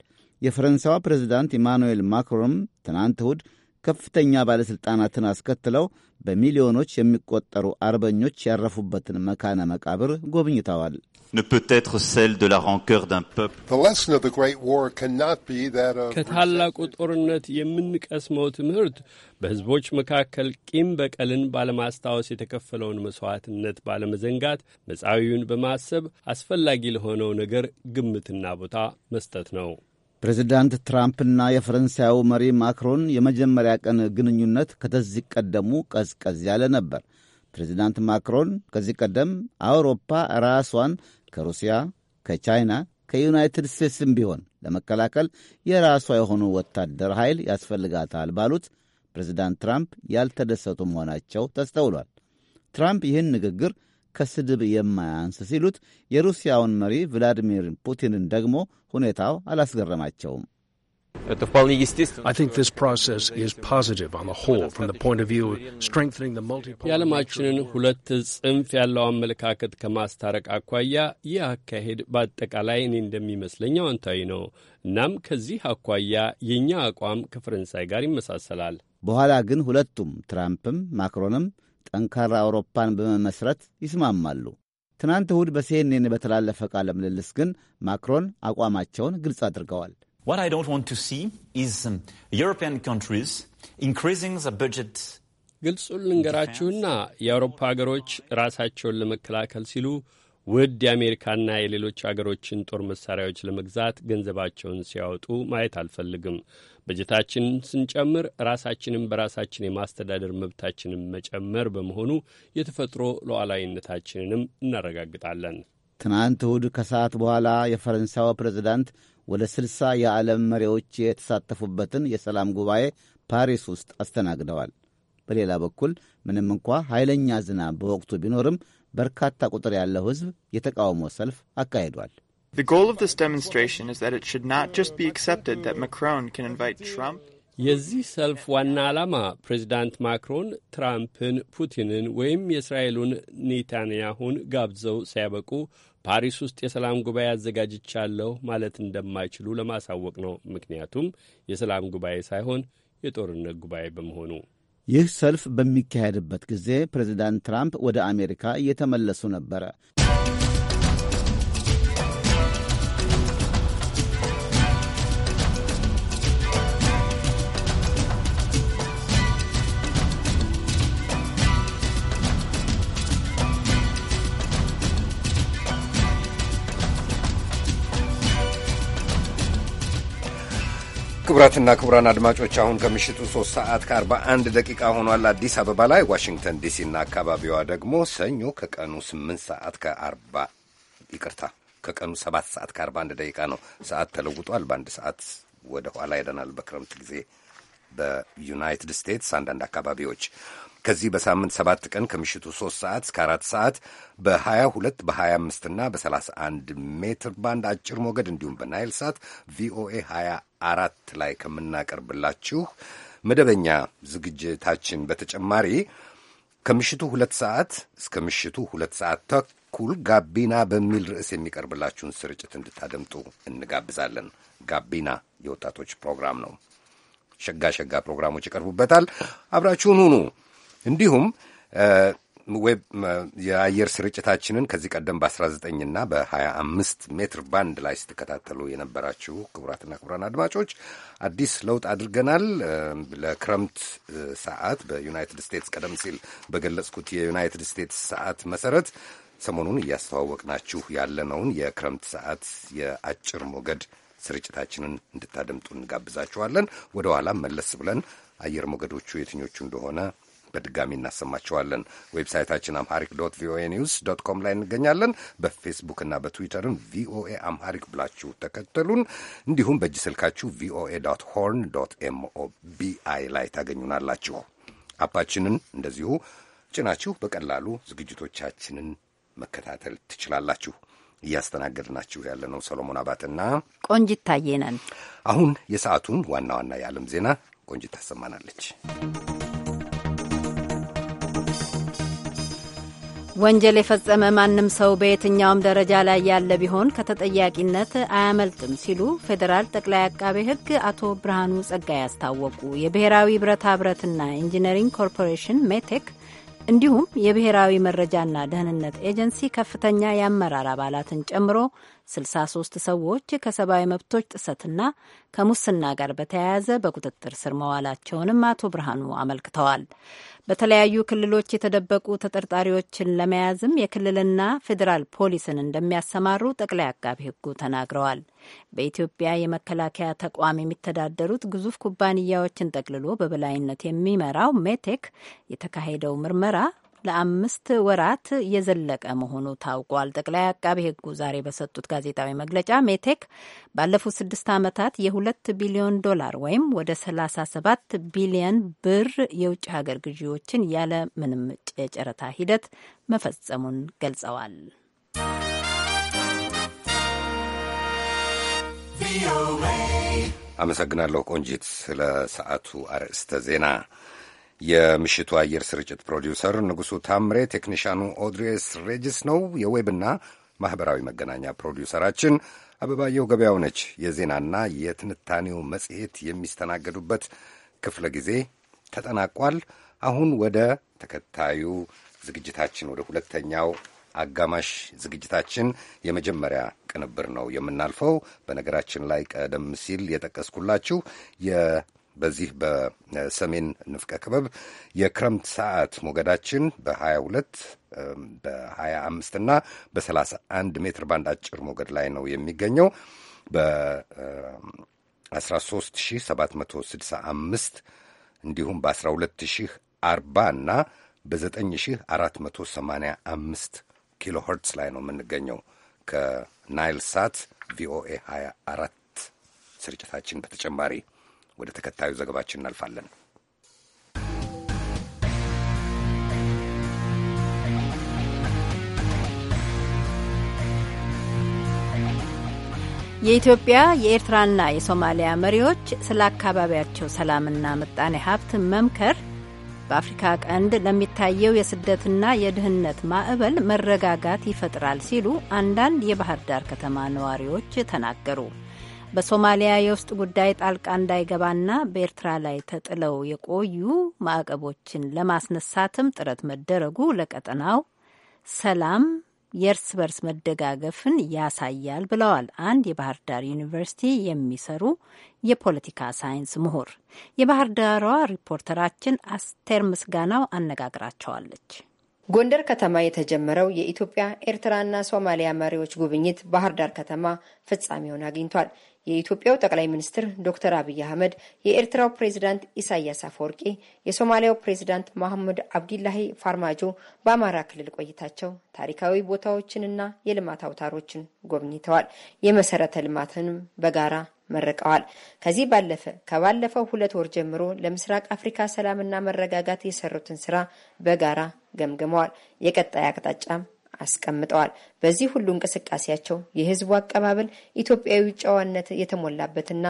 የፈረንሳዋ ፕሬዚዳንት ኢማኑኤል ማክሮን ትናንት እሁድ ከፍተኛ ባለሥልጣናትን አስከትለው በሚሊዮኖች የሚቆጠሩ አርበኞች ያረፉበትን መካነ መቃብር ጎብኝተዋል። ከታላቁ ጦርነት የምንቀስመው ትምህርት በሕዝቦች መካከል ቂም በቀልን ባለማስታወስ የተከፈለውን መሥዋዕትነት ባለመዘንጋት መጻዊውን በማሰብ አስፈላጊ ለሆነው ነገር ግምትና ቦታ መስጠት ነው። ፕሬዚዳንት ትራምፕና የፈረንሳዩ መሪ ማክሮን የመጀመሪያ ቀን ግንኙነት ከተዚህ ቀደሙ ቀዝቀዝ ያለ ነበር። ፕሬዚዳንት ማክሮን ከዚህ ቀደም አውሮፓ ራሷን ከሩሲያ፣ ከቻይና፣ ከዩናይትድ ስቴትስም ቢሆን ለመከላከል የራሷ የሆኑ ወታደር ኃይል ያስፈልጋታል ባሉት ፕሬዚዳንት ትራምፕ ያልተደሰቱ መሆናቸው ተስተውሏል። ትራምፕ ይህን ንግግር ከስድብ የማያንስ ሲሉት የሩሲያውን መሪ ቭላዲሚር ፑቲንን ደግሞ ሁኔታው አላስገረማቸውም። የዓለማችንን ሁለት ጽንፍ ያለው አመለካከት ከማስታረቅ አኳያ ይህ አካሄድ በአጠቃላይ እኔ እንደሚመስለኝ አዎንታዊ ነው። እናም ከዚህ አኳያ የእኛ አቋም ከፈረንሳይ ጋር ይመሳሰላል። በኋላ ግን ሁለቱም ትራምፕም ማክሮንም ጠንካራ አውሮፓን በመመስረት ይስማማሉ። ትናንት እሁድ በሲኤንኤን በተላለፈ ቃለ ምልልስ ግን ማክሮን አቋማቸውን ግልጽ አድርገዋል። um, ግልጹን ልንገራችሁና የአውሮፓ ሀገሮች ራሳቸውን ለመከላከል ሲሉ ውድ የአሜሪካና የሌሎች አገሮችን ጦር መሳሪያዎች ለመግዛት ገንዘባቸውን ሲያወጡ ማየት አልፈልግም። በጀታችን ስንጨምር ራሳችንን በራሳችን የማስተዳደር መብታችንን መጨመር በመሆኑ የተፈጥሮ ሉዓላዊነታችንንም እናረጋግጣለን። ትናንት እሁድ ከሰዓት በኋላ የፈረንሳዊ ፕሬዚዳንት ወደ ስልሳ የዓለም መሪዎች የተሳተፉበትን የሰላም ጉባኤ ፓሪስ ውስጥ አስተናግደዋል። በሌላ በኩል ምንም እንኳ ኃይለኛ ዝናብ በወቅቱ ቢኖርም በርካታ ቁጥር ያለው ሕዝብ የተቃውሞ ሰልፍ አካሂዷል። የዚህ ሰልፍ ዋና ዓላማ ፕሬዚዳንት ማክሮን ትራምፕን፣ ፑቲንን ወይም የእስራኤሉን ኔታንያሁን ጋብዘው ሲያበቁ ፓሪስ ውስጥ የሰላም ጉባኤ አዘጋጅቻለሁ ማለት እንደማይችሉ ለማሳወቅ ነው። ምክንያቱም የሰላም ጉባኤ ሳይሆን የጦርነት ጉባኤ በመሆኑ ይህ ሰልፍ በሚካሄድበት ጊዜ ፕሬዚዳንት ትራምፕ ወደ አሜሪካ እየተመለሱ ነበረ። ክቡራትና ክቡራን አድማጮች አሁን ከምሽቱ 3 ሰዓት ከ41 ደቂቃ ሆኗል። አዲስ አበባ ላይ፣ ዋሽንግተን ዲሲና አካባቢዋ ደግሞ ሰኞ ከቀኑ 8 ሰዓት ከ40 ይቅርታ፣ ከቀኑ 7 ሰዓት ከ41 ደቂቃ ነው። ሰዓት ተለውጧል። በአንድ ሰዓት ወደ ኋላ ሄደናል። በክረምት ጊዜ በዩናይትድ ስቴትስ አንዳንድ አካባቢዎች ከዚህ በሳምንት ሰባት ቀን ከምሽቱ 3 ሰዓት እስከ 4 ሰዓት በ22 በ25 እና በ31 ሜትር ባንድ አጭር ሞገድ እንዲሁም በናይል ሳት ቪኦኤ 24 ላይ ከምናቀርብላችሁ መደበኛ ዝግጅታችን በተጨማሪ ከምሽቱ ሁለት ሰዓት እስከ ምሽቱ ሁለት ሰዓት ተኩል ጋቢና በሚል ርዕስ የሚቀርብላችሁን ስርጭት እንድታደምጡ እንጋብዛለን። ጋቢና የወጣቶች ፕሮግራም ነው። ሸጋ ሸጋ ፕሮግራሞች ይቀርቡበታል። አብራችሁን ሁኑ። እንዲሁም ዌብ የአየር ስርጭታችንን ከዚህ ቀደም በ19ና በ25 ሜትር ባንድ ላይ ስትከታተሉ የነበራችሁ ክቡራትና ክቡራን አድማጮች አዲስ ለውጥ አድርገናል። ለክረምት ሰዓት በዩናይትድ ስቴትስ ቀደም ሲል በገለጽኩት የዩናይትድ ስቴትስ ሰዓት መሰረት ሰሞኑን እያስተዋወቅናችሁ ያለነውን የክረምት ሰዓት የአጭር ሞገድ ስርጭታችንን እንድታደምጡ እንጋብዛችኋለን። ወደ ኋላም መለስ ብለን አየር ሞገዶቹ የትኞቹ እንደሆነ በድጋሚ እናሰማቸዋለን። ዌብሳይታችን አምሃሪክ ዶት ቪኦኤ ኒውስ ዶት ኮም ላይ እንገኛለን። በፌስቡክና በትዊተርም ቪኦኤ አምሃሪክ ብላችሁ ተከተሉን። እንዲሁም በእጅ ስልካችሁ ቪኦኤ ዶት ሆርን ዶት ኤምኦቢአይ ላይ ታገኙናላችሁ። አፓችንን እንደዚሁ ጭናችሁ በቀላሉ ዝግጅቶቻችንን መከታተል ትችላላችሁ። እያስተናገድናችሁ ያለ ነው ሰሎሞን አባትና ቆንጂት ታዬ አሁን የሰዓቱን ዋና ዋና የዓለም ዜና ቆንጂት ታሰማናለች። ወንጀል የፈጸመ ማንም ሰው በየትኛውም ደረጃ ላይ ያለ ቢሆን ከተጠያቂነት አያመልጥም ሲሉ ፌዴራል ጠቅላይ አቃቤ ሕግ አቶ ብርሃኑ ጸጋይ አስታወቁ። የብሔራዊ ብረታ ብረትና ኢንጂነሪንግ ኮርፖሬሽን ሜቴክ እንዲሁም የብሔራዊ መረጃና ደህንነት ኤጀንሲ ከፍተኛ የአመራር አባላትን ጨምሮ 63 ሰዎች ከሰብአዊ መብቶች ጥሰትና ከሙስና ጋር በተያያዘ በቁጥጥር ስር መዋላቸውንም አቶ ብርሃኑ አመልክተዋል። በተለያዩ ክልሎች የተደበቁ ተጠርጣሪዎችን ለመያዝም የክልልና ፌዴራል ፖሊስን እንደሚያሰማሩ ጠቅላይ አቃቢ ሕጉ ተናግረዋል። በኢትዮጵያ የመከላከያ ተቋም የሚተዳደሩት ግዙፍ ኩባንያዎችን ጠቅልሎ በበላይነት የሚመራው ሜቴክ የተካሄደው ምርመራ ለአምስት ወራት የዘለቀ መሆኑ ታውቋል። ጠቅላይ አቃቢ ሕጉ ዛሬ በሰጡት ጋዜጣዊ መግለጫ ሜቴክ ባለፉት ስድስት ዓመታት የሁለት ቢሊዮን ዶላር ወይም ወደ 37 ቢሊየን ብር የውጭ ሀገር ግዢዎችን ያለ ምንም የጨረታ ሂደት መፈጸሙን ገልጸዋል። አመሰግናለሁ ቆንጂት፣ ስለ ሰዓቱ አርዕስተ ዜና። የምሽቱ አየር ስርጭት ፕሮዲውሰር ንጉሡ ታምሬ፣ ቴክኒሻኑ ኦድሬስ ሬጅስ ነው። የዌብና ማኅበራዊ መገናኛ ፕሮዲውሰራችን አበባየሁ ገበያው ነች። የዜናና የትንታኔው መጽሔት የሚስተናገዱበት ክፍለ ጊዜ ተጠናቋል። አሁን ወደ ተከታዩ ዝግጅታችን ወደ ሁለተኛው አጋማሽ ዝግጅታችን የመጀመሪያ ቅንብር ነው የምናልፈው። በነገራችን ላይ ቀደም ሲል የጠቀስኩላችሁ በዚህ በሰሜን ንፍቀ ክበብ የክረምት ሰዓት ሞገዳችን በ22 በ25 እና በ31 ሜትር ባንድ አጭር ሞገድ ላይ ነው የሚገኘው በ13765 እንዲሁም በ12040 እና በ9485 ኪሎ ሄርትስ ላይ ነው የምንገኘው ከናይል ሳት ቪኦኤ 24 ስርጭታችን በተጨማሪ ወደ ተከታዩ ዘገባችን እናልፋለን። የኢትዮጵያ የኤርትራና የሶማሊያ መሪዎች ስለ አካባቢያቸው ሰላምና ምጣኔ ሀብት መምከር በአፍሪካ ቀንድ ለሚታየው የስደትና የድህነት ማዕበል መረጋጋት ይፈጥራል ሲሉ አንዳንድ የባህር ዳር ከተማ ነዋሪዎች ተናገሩ። በሶማሊያ የውስጥ ጉዳይ ጣልቃ እንዳይገባና በኤርትራ ላይ ተጥለው የቆዩ ማዕቀቦችን ለማስነሳትም ጥረት መደረጉ ለቀጠናው ሰላም የእርስ በርስ መደጋገፍን ያሳያል ብለዋል አንድ የባህር ዳር ዩኒቨርሲቲ የሚሰሩ የፖለቲካ ሳይንስ ምሁር። የባህር ዳሯ ሪፖርተራችን አስቴር ምስጋናው አነጋግራቸዋለች። ጎንደር ከተማ የተጀመረው የኢትዮጵያ ኤርትራና ሶማሊያ መሪዎች ጉብኝት ባህር ዳር ከተማ ፍጻሜውን አግኝቷል። የኢትዮጵያው ጠቅላይ ሚኒስትር ዶክተር አብይ አህመድ፣ የኤርትራው ፕሬዚዳንት ኢሳያስ አፈወርቂ፣ የሶማሊያው ፕሬዚዳንት መሐመድ አብዲላሂ ፋርማጆ በአማራ ክልል ቆይታቸው ታሪካዊ ቦታዎችንና የልማት አውታሮችን ጎብኝተዋል። የመሰረተ ልማትንም በጋራ መርቀዋል። ከዚህ ባለፈ ከባለፈው ሁለት ወር ጀምሮ ለምስራቅ አፍሪካ ሰላምና መረጋጋት የሰሩትን ስራ በጋራ ገምግመዋል። የቀጣይ አቅጣጫም አስቀምጠዋል። በዚህ ሁሉ እንቅስቃሴያቸው የህዝቡ አቀባበል ኢትዮጵያዊ ጨዋነት የተሞላበትና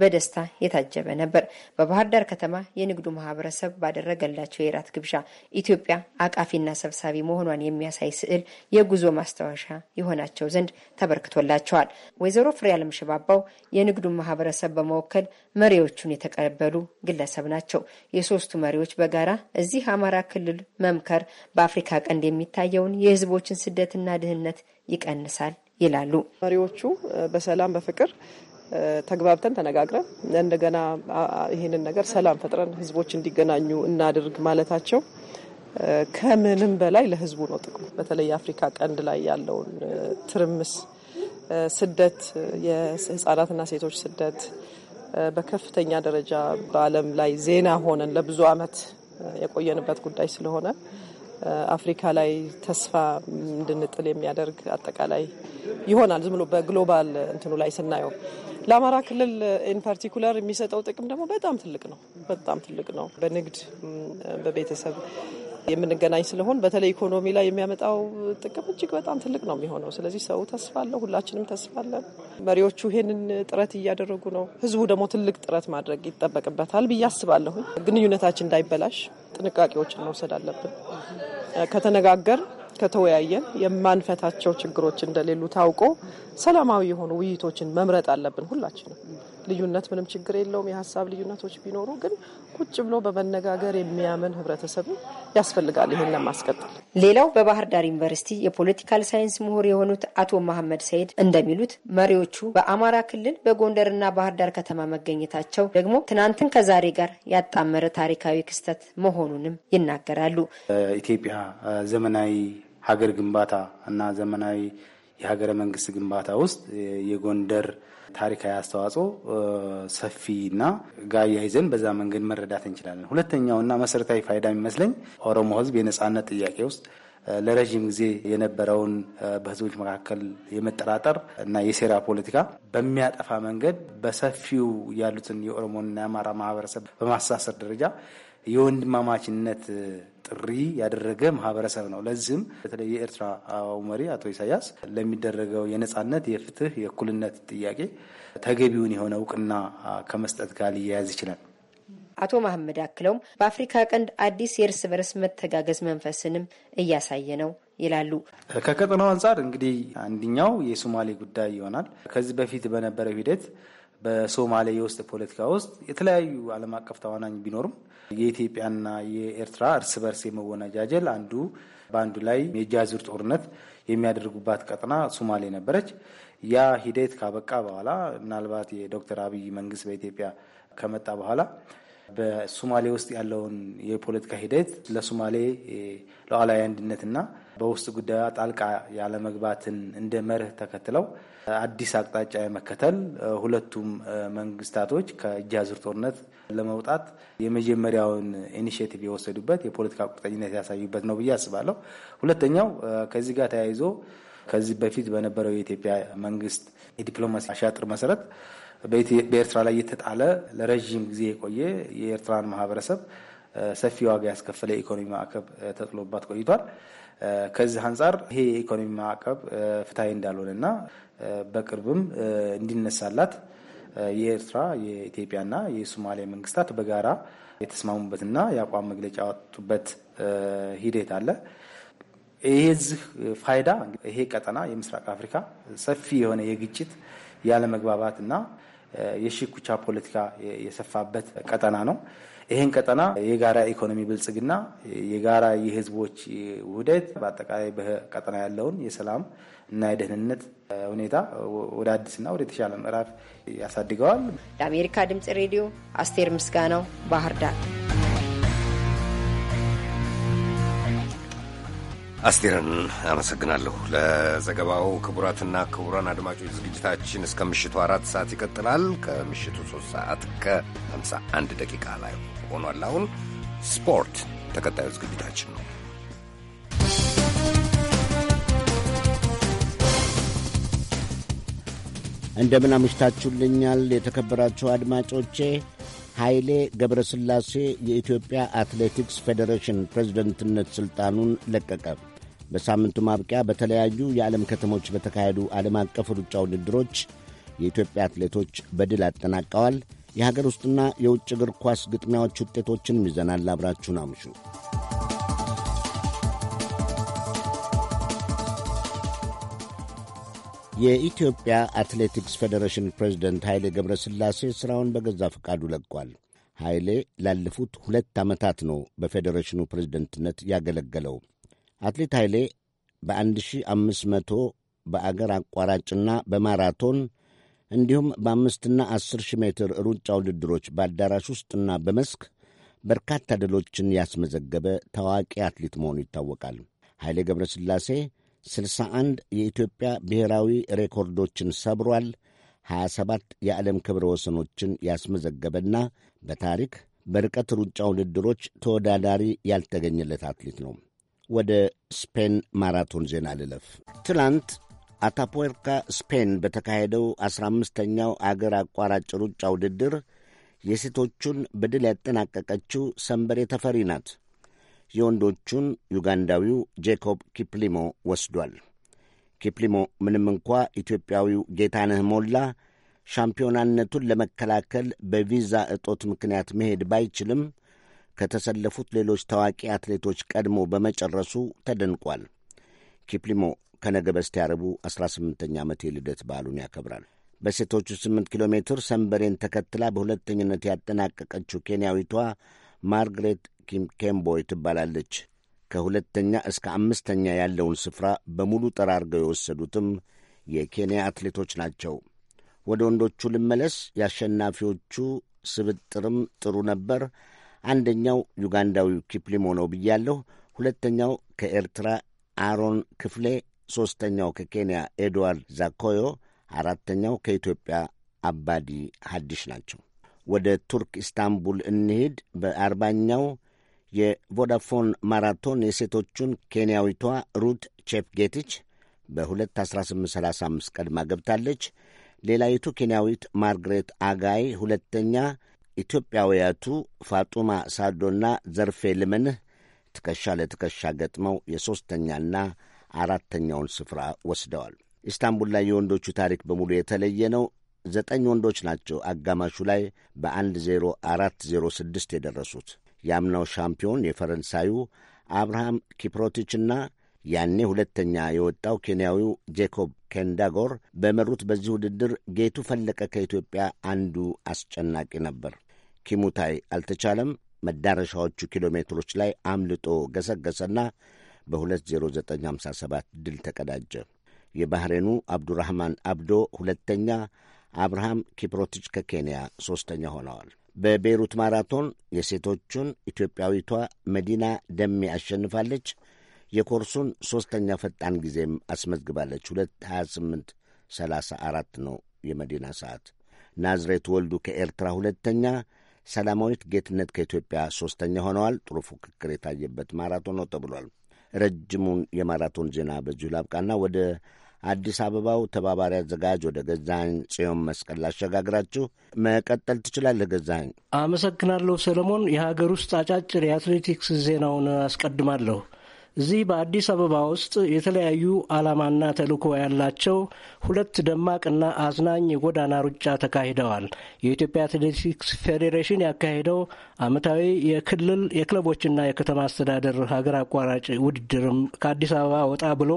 በደስታ የታጀበ ነበር። በባህር ዳር ከተማ የንግዱ ማህበረሰብ ባደረገላቸው የራት ግብዣ ኢትዮጵያ አቃፊና ሰብሳቢ መሆኗን የሚያሳይ ስዕል የጉዞ ማስታወሻ የሆናቸው ዘንድ ተበርክቶላቸዋል። ወይዘሮ ፍሬአለም ሽባባው የንግዱን ማህበረሰብ በመወከል መሪዎቹን የተቀበሉ ግለሰብ ናቸው። የሶስቱ መሪዎች በጋራ እዚህ አማራ ክልል መምከር በአፍሪካ ቀንድ የሚታየውን የህዝቦችን ስደትና ድህነት ይቀንሳል ይላሉ። መሪዎቹ በሰላም በፍቅር ተግባብተን ተነጋግረን እንደገና ይህንን ነገር ሰላም ፈጥረን ህዝቦች እንዲገናኙ እናድርግ ማለታቸው ከምንም በላይ ለህዝቡ ነው ጥቅሙ። በተለይ የአፍሪካ ቀንድ ላይ ያለውን ትርምስ፣ ስደት፣ የህጻናትና ሴቶች ስደት በከፍተኛ ደረጃ በዓለም ላይ ዜና ሆነን ለብዙ አመት የቆየንበት ጉዳይ ስለሆነ አፍሪካ ላይ ተስፋ እንድንጥል የሚያደርግ አጠቃላይ ይሆናል። ዝም ብሎ በግሎባል እንትኑ ላይ ስናየው ለአማራ ክልል ኢን ፓርቲኩላር የሚሰጠው ጥቅም ደግሞ በጣም ትልቅ ነው። በጣም ትልቅ ነው። በንግድ በቤተሰብ የምንገናኝ ስለሆን በተለይ ኢኮኖሚ ላይ የሚያመጣው ጥቅም እጅግ በጣም ትልቅ ነው የሚሆነው። ስለዚህ ሰው ተስፋ አለ፣ ሁላችንም ተስፋ አለን። መሪዎቹ ይሄንን ጥረት እያደረጉ ነው። ህዝቡ ደግሞ ትልቅ ጥረት ማድረግ ይጠበቅበታል ብዬ አስባለሁ። ግንኙነታችን እንዳይበላሽ ጥንቃቄዎችን መውሰድ አለብን። ከተነጋገር ከተወያየን የማንፈታቸው ችግሮች እንደሌሉ ታውቆ ሰላማዊ የሆኑ ውይይቶችን መምረጥ አለብን። ሁላችንም ልዩነት ምንም ችግር የለውም። የሀሳብ ልዩነቶች ቢኖሩ ግን ቁጭ ብሎ በመነጋገር የሚያምን ህብረተሰብ ያስፈልጋል ይህን ለማስቀጠል። ሌላው በባህር ዳር ዩኒቨርሲቲ የፖለቲካል ሳይንስ ምሁር የሆኑት አቶ መሐመድ ሰይድ እንደሚሉት መሪዎቹ በአማራ ክልል በጎንደርና ባህር ዳር ከተማ መገኘታቸው ደግሞ ትናንትን ከዛሬ ጋር ያጣመረ ታሪካዊ ክስተት መሆኑንም ይናገራሉ። ኢትዮጵያ ዘመናዊ ሀገር ግንባታ እና ዘመናዊ የሀገረ መንግስት ግንባታ ውስጥ የጎንደር ታሪካዊ አስተዋጽኦ ሰፊና ጋር አያይዘን በዛ መንገድ መረዳት እንችላለን። ሁለተኛውና መሰረታዊ ፋይዳ የሚመስለኝ ኦሮሞ ህዝብ የነጻነት ጥያቄ ውስጥ ለረዥም ጊዜ የነበረውን በህዝቦች መካከል የመጠራጠር እና የሴራ ፖለቲካ በሚያጠፋ መንገድ በሰፊው ያሉትን የኦሮሞና የአማራ ማህበረሰብ በማሳሰር ደረጃ የወንድማማችነት ጥሪ ያደረገ ማህበረሰብ ነው። ለዚህም በተለይ የኤርትራ መሪ አቶ ኢሳያስ ለሚደረገው የነጻነት፣ የፍትህ፣ የእኩልነት ጥያቄ ተገቢውን የሆነ እውቅና ከመስጠት ጋር ሊያያዝ ይችላል። አቶ መሐመድ አክለውም በአፍሪካ ቀንድ አዲስ የእርስ በርስ መተጋገዝ መንፈስንም እያሳየ ነው ይላሉ። ከቀጠናው አንጻር እንግዲህ አንድኛው የሶማሌ ጉዳይ ይሆናል። ከዚህ በፊት በነበረው ሂደት በሶማሌ የውስጥ ፖለቲካ ውስጥ የተለያዩ ዓለም አቀፍ ተዋናኝ ቢኖርም የኢትዮጵያና የኤርትራ እርስ በርስ የመወነጃጀል አንዱ በአንዱ ላይ የጃዙር ጦርነት የሚያደርጉባት ቀጠና ሶማሌ ነበረች። ያ ሂደት ካበቃ በኋላ ምናልባት የዶክተር አብይ መንግስት በኢትዮጵያ ከመጣ በኋላ በሶማሌ ውስጥ ያለውን የፖለቲካ ሂደት ለሶማሌ ሉዓላዊ አንድነትና በውስጥ ጉዳዩ ጣልቃ ያለመግባትን እንደ መርህ ተከትለው አዲስ አቅጣጫ የመከተል ሁለቱም መንግስታቶች ከጃዝር ጦርነት ለመውጣት የመጀመሪያውን ኢኒሽቲቭ የወሰዱበት የፖለቲካ ቁርጠኝነት ያሳዩበት ነው ብዬ አስባለሁ። ሁለተኛው ከዚህ ጋር ተያይዞ ከዚህ በፊት በነበረው የኢትዮጵያ መንግስት የዲፕሎማሲ አሻጥር መሰረት በኤርትራ ላይ የተጣለ ለረዥም ጊዜ የቆየ የኤርትራን ማህበረሰብ ሰፊ ዋጋ ያስከፈለ የኢኮኖሚ ማዕቀብ ተጥሎባት ቆይቷል። ከዚህ አንጻር ይሄ የኢኮኖሚ ማዕቀብ ፍትሐዊ እንዳልሆነና በቅርብም እንዲነሳላት የኤርትራ የኢትዮጵያና የሶማሊያ መንግስታት በጋራ የተስማሙበትና የአቋም መግለጫ ያወጡበት ሂደት አለ። ይሄዚህ ፋይዳ ይሄ ቀጠና የምስራቅ አፍሪካ ሰፊ የሆነ የግጭት ያለመግባባትና የሽኩቻ ፖለቲካ የሰፋበት ቀጠና ነው። ይህን ቀጠና የጋራ ኢኮኖሚ ብልጽግና፣ የጋራ የህዝቦች ውህደት፣ በአጠቃላይ በቀጠና ያለውን የሰላም እና የደህንነት ሁኔታ ወደ አዲስና ወደ ተሻለ ምዕራፍ ያሳድገዋል። ለአሜሪካ ድምጽ ሬዲዮ አስቴር ምስጋናው ባህር ዳር አስቴርን አመሰግናለሁ ለዘገባው። ክቡራትና ክቡራን አድማጮች ዝግጅታችን እስከ ምሽቱ አራት ሰዓት ይቀጥላል። ከምሽቱ ሶስት ሰዓት ከ51 ደቂቃ ላይ ሆኗል። አሁን ስፖርት ተከታዩ ዝግጅታችን ነው። እንደምን አምሽታችሁልኛል የተከበራችሁ አድማጮቼ። ኃይሌ ገብረ ሥላሴ የኢትዮጵያ አትሌቲክስ ፌዴሬሽን ፕሬዝደንትነት ሥልጣኑን ለቀቀ። በሳምንቱ ማብቂያ በተለያዩ የዓለም ከተሞች በተካሄዱ ዓለም አቀፍ ሩጫ ውድድሮች የኢትዮጵያ አትሌቶች በድል አጠናቀዋል። የሀገር ውስጥና የውጭ እግር ኳስ ግጥሚያዎች ውጤቶችንም ይዘናል። አብራችሁን አምሹ። የኢትዮጵያ አትሌቲክስ ፌዴሬሽን ፕሬዝደንት ኃይሌ ገብረስላሴ ሥራውን በገዛ ፈቃዱ ለቋል። ኃይሌ ላለፉት ሁለት ዓመታት ነው በፌዴሬሽኑ ፕሬዝደንትነት ያገለገለው። አትሌት ኃይሌ በ1500 በአገር አቋራጭና በማራቶን እንዲሁም በአምስትና አስር ሺህ ሜትር ሩጫ ውድድሮች በአዳራሽ ውስጥና በመስክ በርካታ ድሎችን ያስመዘገበ ታዋቂ አትሌት መሆኑ ይታወቃል። ኃይሌ ገብረ ሥላሴ 61 የኢትዮጵያ ብሔራዊ ሬኮርዶችን ሰብሯል። 27 የዓለም ክብረ ወሰኖችን ያስመዘገበና በታሪክ በርቀት ሩጫ ውድድሮች ተወዳዳሪ ያልተገኘለት አትሌት ነው። ወደ ስፔን ማራቶን ዜና ልለፍ። ትላንት አታፖርካ ስፔን በተካሄደው አስራ አምስተኛው አገር አቋራጭ ሩጫ ውድድር የሴቶቹን በድል ያጠናቀቀችው ሰንበሬ ተፈሪ ናት። የወንዶቹን ዩጋንዳዊው ጄኮብ ኪፕሊሞ ወስዷል። ኪፕሊሞ ምንም እንኳ ኢትዮጵያዊው ጌታነህ ሞላ ሻምፒዮናነቱን ለመከላከል በቪዛ እጦት ምክንያት መሄድ ባይችልም ከተሰለፉት ሌሎች ታዋቂ አትሌቶች ቀድሞ በመጨረሱ ተደንቋል። ኪፕሊሞ ከነገ በስቲያ ረቡዕ 18ኛ ዓመት የልደት በዓሉን ያከብራል። በሴቶቹ 8 ኪሎ ሜትር ሰንበሬን ተከትላ በሁለተኝነት ያጠናቀቀችው ኬንያዊቷ ማርግሬት ኪምኬምቦይ ትባላለች። ከሁለተኛ እስከ አምስተኛ ያለውን ስፍራ በሙሉ ጠራርገው የወሰዱትም የኬንያ አትሌቶች ናቸው። ወደ ወንዶቹ ልመለስ። የአሸናፊዎቹ ስብጥርም ጥሩ ነበር። አንደኛው ዩጋንዳዊ ኪፕሊሞ ነው ብያለሁ። ሁለተኛው ከኤርትራ አሮን ክፍሌ፣ ሦስተኛው ከኬንያ ኤድዋርድ ዛኮዮ፣ አራተኛው ከኢትዮጵያ አባዲ ሀዲሽ ናቸው። ወደ ቱርክ ኢስታንቡል እንሂድ። በአርባኛው የቮዳፎን ማራቶን የሴቶቹን ኬንያዊቷ ሩት ጌቲች በ2፡18፡35 ቀድማ ገብታለች። ሌላዪቱ ኬንያዊት ማርግሬት አጋይ ሁለተኛ፣ ኢትዮጵያውያቱ ፋጡማ ሳዶና ዘርፌ ልመንህ ትከሻ ለትከሻ ገጥመው የሦስተኛና አራተኛውን ስፍራ ወስደዋል። ኢስታንቡል ላይ የወንዶቹ ታሪክ በሙሉ የተለየ ነው። ዘጠኝ ወንዶች ናቸው አጋማሹ ላይ በ1 አራት ዜሮ ስድስት የደረሱት። የአምናው ሻምፒዮን የፈረንሳዩ አብርሃም ኪፕሮቲችና ያኔ ሁለተኛ የወጣው ኬንያዊው ጄኮብ ኬንዳጎር በመሩት በዚህ ውድድር ጌቱ ፈለቀ ከኢትዮጵያ አንዱ አስጨናቂ ነበር። ኪሙታይ አልተቻለም። መዳረሻዎቹ ኪሎ ሜትሮች ላይ አምልጦ ገሰገሰና በ20957 ድል ተቀዳጀ። የባህሬኑ አብዱራህማን አብዶ ሁለተኛ፣ አብርሃም ኪፕሮቲች ከኬንያ ሦስተኛ ሆነዋል። በቤይሩት ማራቶን የሴቶቹን ኢትዮጵያዊቷ መዲና ደሜ አሸንፋለች። የኮርሱን ሦስተኛ ፈጣን ጊዜም አስመዝግባለች። 228 34 ነው የመዲና ሰዓት። ናዝሬት ወልዱ ከኤርትራ ሁለተኛ ሰላማዊት ጌትነት ከኢትዮጵያ ሶስተኛ ሆነዋል። ጥሩ ፉክክር የታየበት ማራቶን ነው ተብሏል። ረጅሙን የማራቶን ዜና በዚሁ ላብቃና ወደ አዲስ አበባው ተባባሪ አዘጋጅ ወደ ገዛኝ ጽዮን መስቀል ላሸጋግራችሁ። መቀጠል ትችላለህ ገዛኝ አመሰግናለሁ ሰለሞን። የሀገር ውስጥ አጫጭር የአትሌቲክስ ዜናውን አስቀድማለሁ። እዚህ በአዲስ አበባ ውስጥ የተለያዩ ዓላማና ተልእኮ ያላቸው ሁለት ደማቅና አዝናኝ የጎዳና ሩጫ ተካሂደዋል። የኢትዮጵያ አትሌቲክስ ፌዴሬሽን ያካሄደው ዓመታዊ የክልል የክለቦችና የከተማ አስተዳደር ሀገር አቋራጭ ውድድርም ከአዲስ አበባ ወጣ ብሎ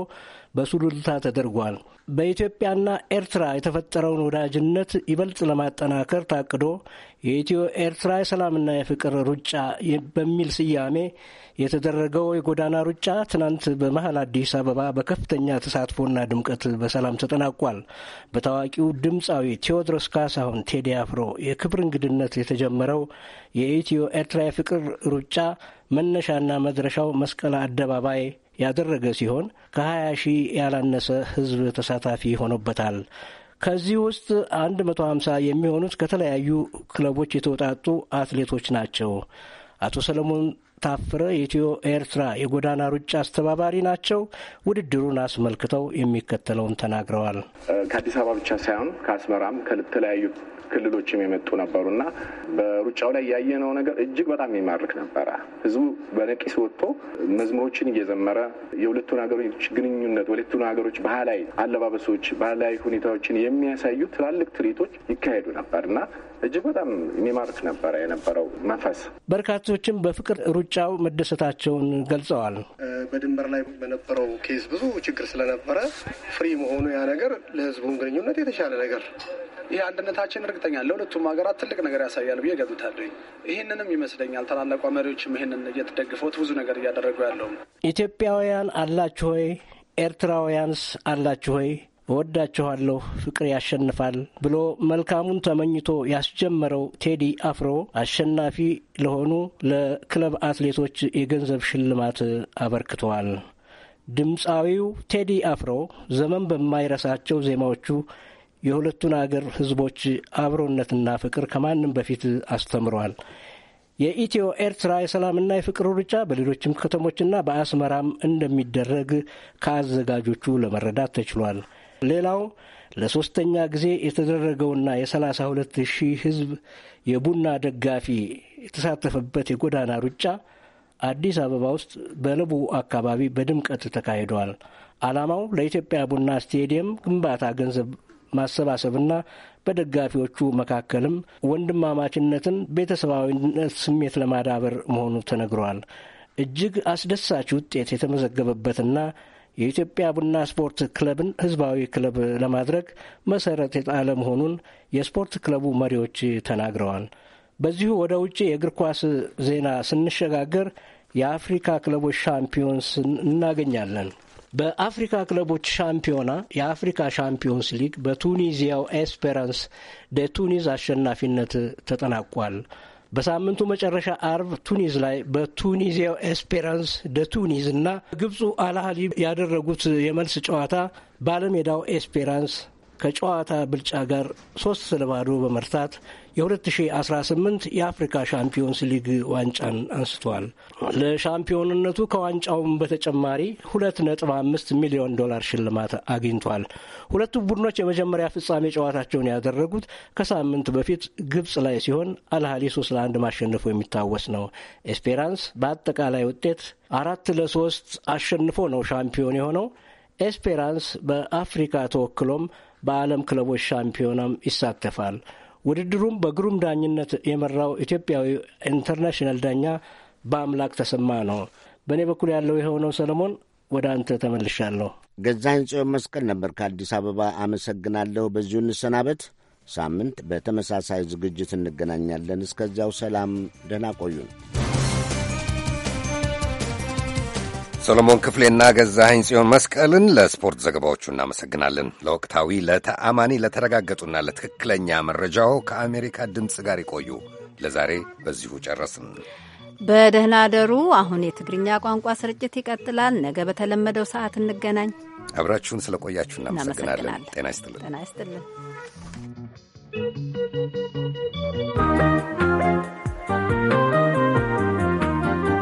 በሱሉልታ ተደርጓል። በኢትዮጵያና ኤርትራ የተፈጠረውን ወዳጅነት ይበልጥ ለማጠናከር ታቅዶ የኢትዮ ኤርትራ የሰላምና የፍቅር ሩጫ በሚል ስያሜ የተደረገው የጎዳና ሩጫ ትናንት በመሀል አዲስ አበባ በከፍተኛ ተሳትፎና ድምቀት በሰላም ተጠናቋል። በታዋቂው ድምፃዊ ቴዎድሮስ ካሳሁን ቴዲ አፍሮ የክብር እንግድነት የተጀመረው የኢትዮ ኤርትራ የፍቅር ሩጫ መነሻና መድረሻው መስቀል አደባባይ ያደረገ ሲሆን ከ20 ሺህ ያላነሰ ሕዝብ ተሳታፊ ሆኖበታል። ከዚህ ውስጥ 150 የሚሆኑት ከተለያዩ ክለቦች የተውጣጡ አትሌቶች ናቸው። አቶ ሰለሞን ታፍረ የኢትዮ ኤርትራ የጎዳና ሩጫ አስተባባሪ ናቸው። ውድድሩን አስመልክተው የሚከተለውን ተናግረዋል። ከአዲስ አበባ ብቻ ሳይሆን ከአስመራም ከተለያዩ ክልሎችም የመጡ ነበሩ እና በሩጫው ላይ ያየነው ነገር እጅግ በጣም የሚማርክ ነበረ። ህዝቡ በነቂስ ወጥቶ መዝሙሮችን እየዘመረ የሁለቱን ሀገሮች ግንኙነት፣ ሁለቱን ሀገሮች ባህላዊ አለባበሶች፣ ባህላዊ ሁኔታዎችን የሚያሳዩ ትላልቅ ትርኢቶች ይካሄዱ ነበር እና እጅግ በጣም የሚማርክ ነበረ የነበረው መንፈስ። በርካቶችም በፍቅር ሩጫው መደሰታቸውን ገልጸዋል። በድንበር ላይ በነበረው ኬዝ ብዙ ችግር ስለነበረ ፍሪ መሆኑ ያ ነገር ለህዝቡም ግንኙነት የተሻለ ነገር ይህ አንድነታችን እርግጠኛ ለሁለቱም ሀገራት ትልቅ ነገር ያሳያል ብዬ ገምታለሁ። ይህንንም ይመስለኛል ታላላቋ መሪዎችም ይህንን እየተደግፈውት ብዙ ነገር እያደረጉ ያለው ኢትዮጵያውያን አላችሁ ሆይ ኤርትራውያንስ አላችሁ ሆይ እወዳችኋለሁ፣ ፍቅር ያሸንፋል ብሎ መልካሙን ተመኝቶ ያስጀመረው ቴዲ አፍሮ አሸናፊ ለሆኑ ለክለብ አትሌቶች የገንዘብ ሽልማት አበርክተዋል። ድምፃዊው ቴዲ አፍሮ ዘመን በማይረሳቸው ዜማዎቹ የሁለቱን አገር ሕዝቦች አብሮነትና ፍቅር ከማንም በፊት አስተምሯል። የኢትዮ ኤርትራ የሰላምና የፍቅር ሩጫ በሌሎችም ከተሞችና በአስመራም እንደሚደረግ ከአዘጋጆቹ ለመረዳት ተችሏል። ሌላው ለሶስተኛ ጊዜ የተደረገውና የሰላሳ ሁለት ሺህ ህዝብ የቡና ደጋፊ የተሳተፈበት የጎዳና ሩጫ አዲስ አበባ ውስጥ በለቡ አካባቢ በድምቀት ተካሂደዋል። ዓላማው ለኢትዮጵያ ቡና ስቴዲየም ግንባታ ገንዘብ ማሰባሰብና በደጋፊዎቹ መካከልም ወንድማማችነትን፣ ቤተሰባዊነት ስሜት ለማዳበር መሆኑ ተነግረዋል። እጅግ አስደሳች ውጤት የተመዘገበበትና የኢትዮጵያ ቡና ስፖርት ክለብን ህዝባዊ ክለብ ለማድረግ መሰረት የጣለ መሆኑን የስፖርት ክለቡ መሪዎች ተናግረዋል። በዚሁ ወደ ውጭ የእግር ኳስ ዜና ስንሸጋገር የአፍሪካ ክለቦች ሻምፒዮንስ እናገኛለን። በአፍሪካ ክለቦች ሻምፒዮና የአፍሪካ ሻምፒዮንስ ሊግ በቱኒዚያው ኤስፔራንስ ደ ቱኒዝ አሸናፊነት ተጠናቋል። በሳምንቱ መጨረሻ አርብ ቱኒዝ ላይ በቱኒዚያው ኤስፔራንስ ደ ቱኒዝ እና ግብፁ አልአህሊ ያደረጉት የመልስ ጨዋታ ባለሜዳው ኤስፔራንስ ከጨዋታ ብልጫ ጋር ሶስት ስለባዶ በመርታት የ2018 የአፍሪካ ሻምፒዮንስ ሊግ ዋንጫን አንስቷል። ለሻምፒዮንነቱ ከዋንጫውም በተጨማሪ 2.5 ሚሊዮን ዶላር ሽልማት አግኝቷል። ሁለቱ ቡድኖች የመጀመሪያ ፍጻሜ ጨዋታቸውን ያደረጉት ከሳምንት በፊት ግብጽ ላይ ሲሆን አልሃሊ ሶስት ለአንድ ማሸነፉ የሚታወስ ነው። ኤስፔራንስ በአጠቃላይ ውጤት አራት ለሶስት አሸንፎ ነው ሻምፒዮን የሆነው። ኤስፔራንስ በአፍሪካ ተወክሎም በዓለም ክለቦች ሻምፒዮናም ይሳተፋል። ውድድሩም በግሩም ዳኝነት የመራው ኢትዮጵያዊ ኢንተርናሽናል ዳኛ በአምላክ ተሰማ ነው። በእኔ በኩል ያለው የሆነው ሰለሞን፣ ወደ አንተ ተመልሻለሁ። ገዛኝ ጽዮን መስቀል ነበር ከአዲስ አበባ አመሰግናለሁ። በዚሁ እንሰናበት። ሳምንት በተመሳሳይ ዝግጅት እንገናኛለን። እስከዚያው ሰላም፣ ደህና ቆዩን። ሰሎሞን ክፍሌና ገዛኸኝ ጽዮን መስቀልን ለስፖርት ዘገባዎቹ እናመሰግናለን። ለወቅታዊ ለተአማኒ ለተረጋገጡና ለትክክለኛ መረጃው ከአሜሪካ ድምፅ ጋር ይቆዩ። ለዛሬ በዚሁ ጨረስን። በደህና ደሩ አሁን የትግርኛ ቋንቋ ስርጭት ይቀጥላል። ነገ በተለመደው ሰዓት እንገናኝ። አብራችሁን ስለቆያችሁ እናመሰግናለን። ጤና ይስጥልን። ጤና ይስጥልን።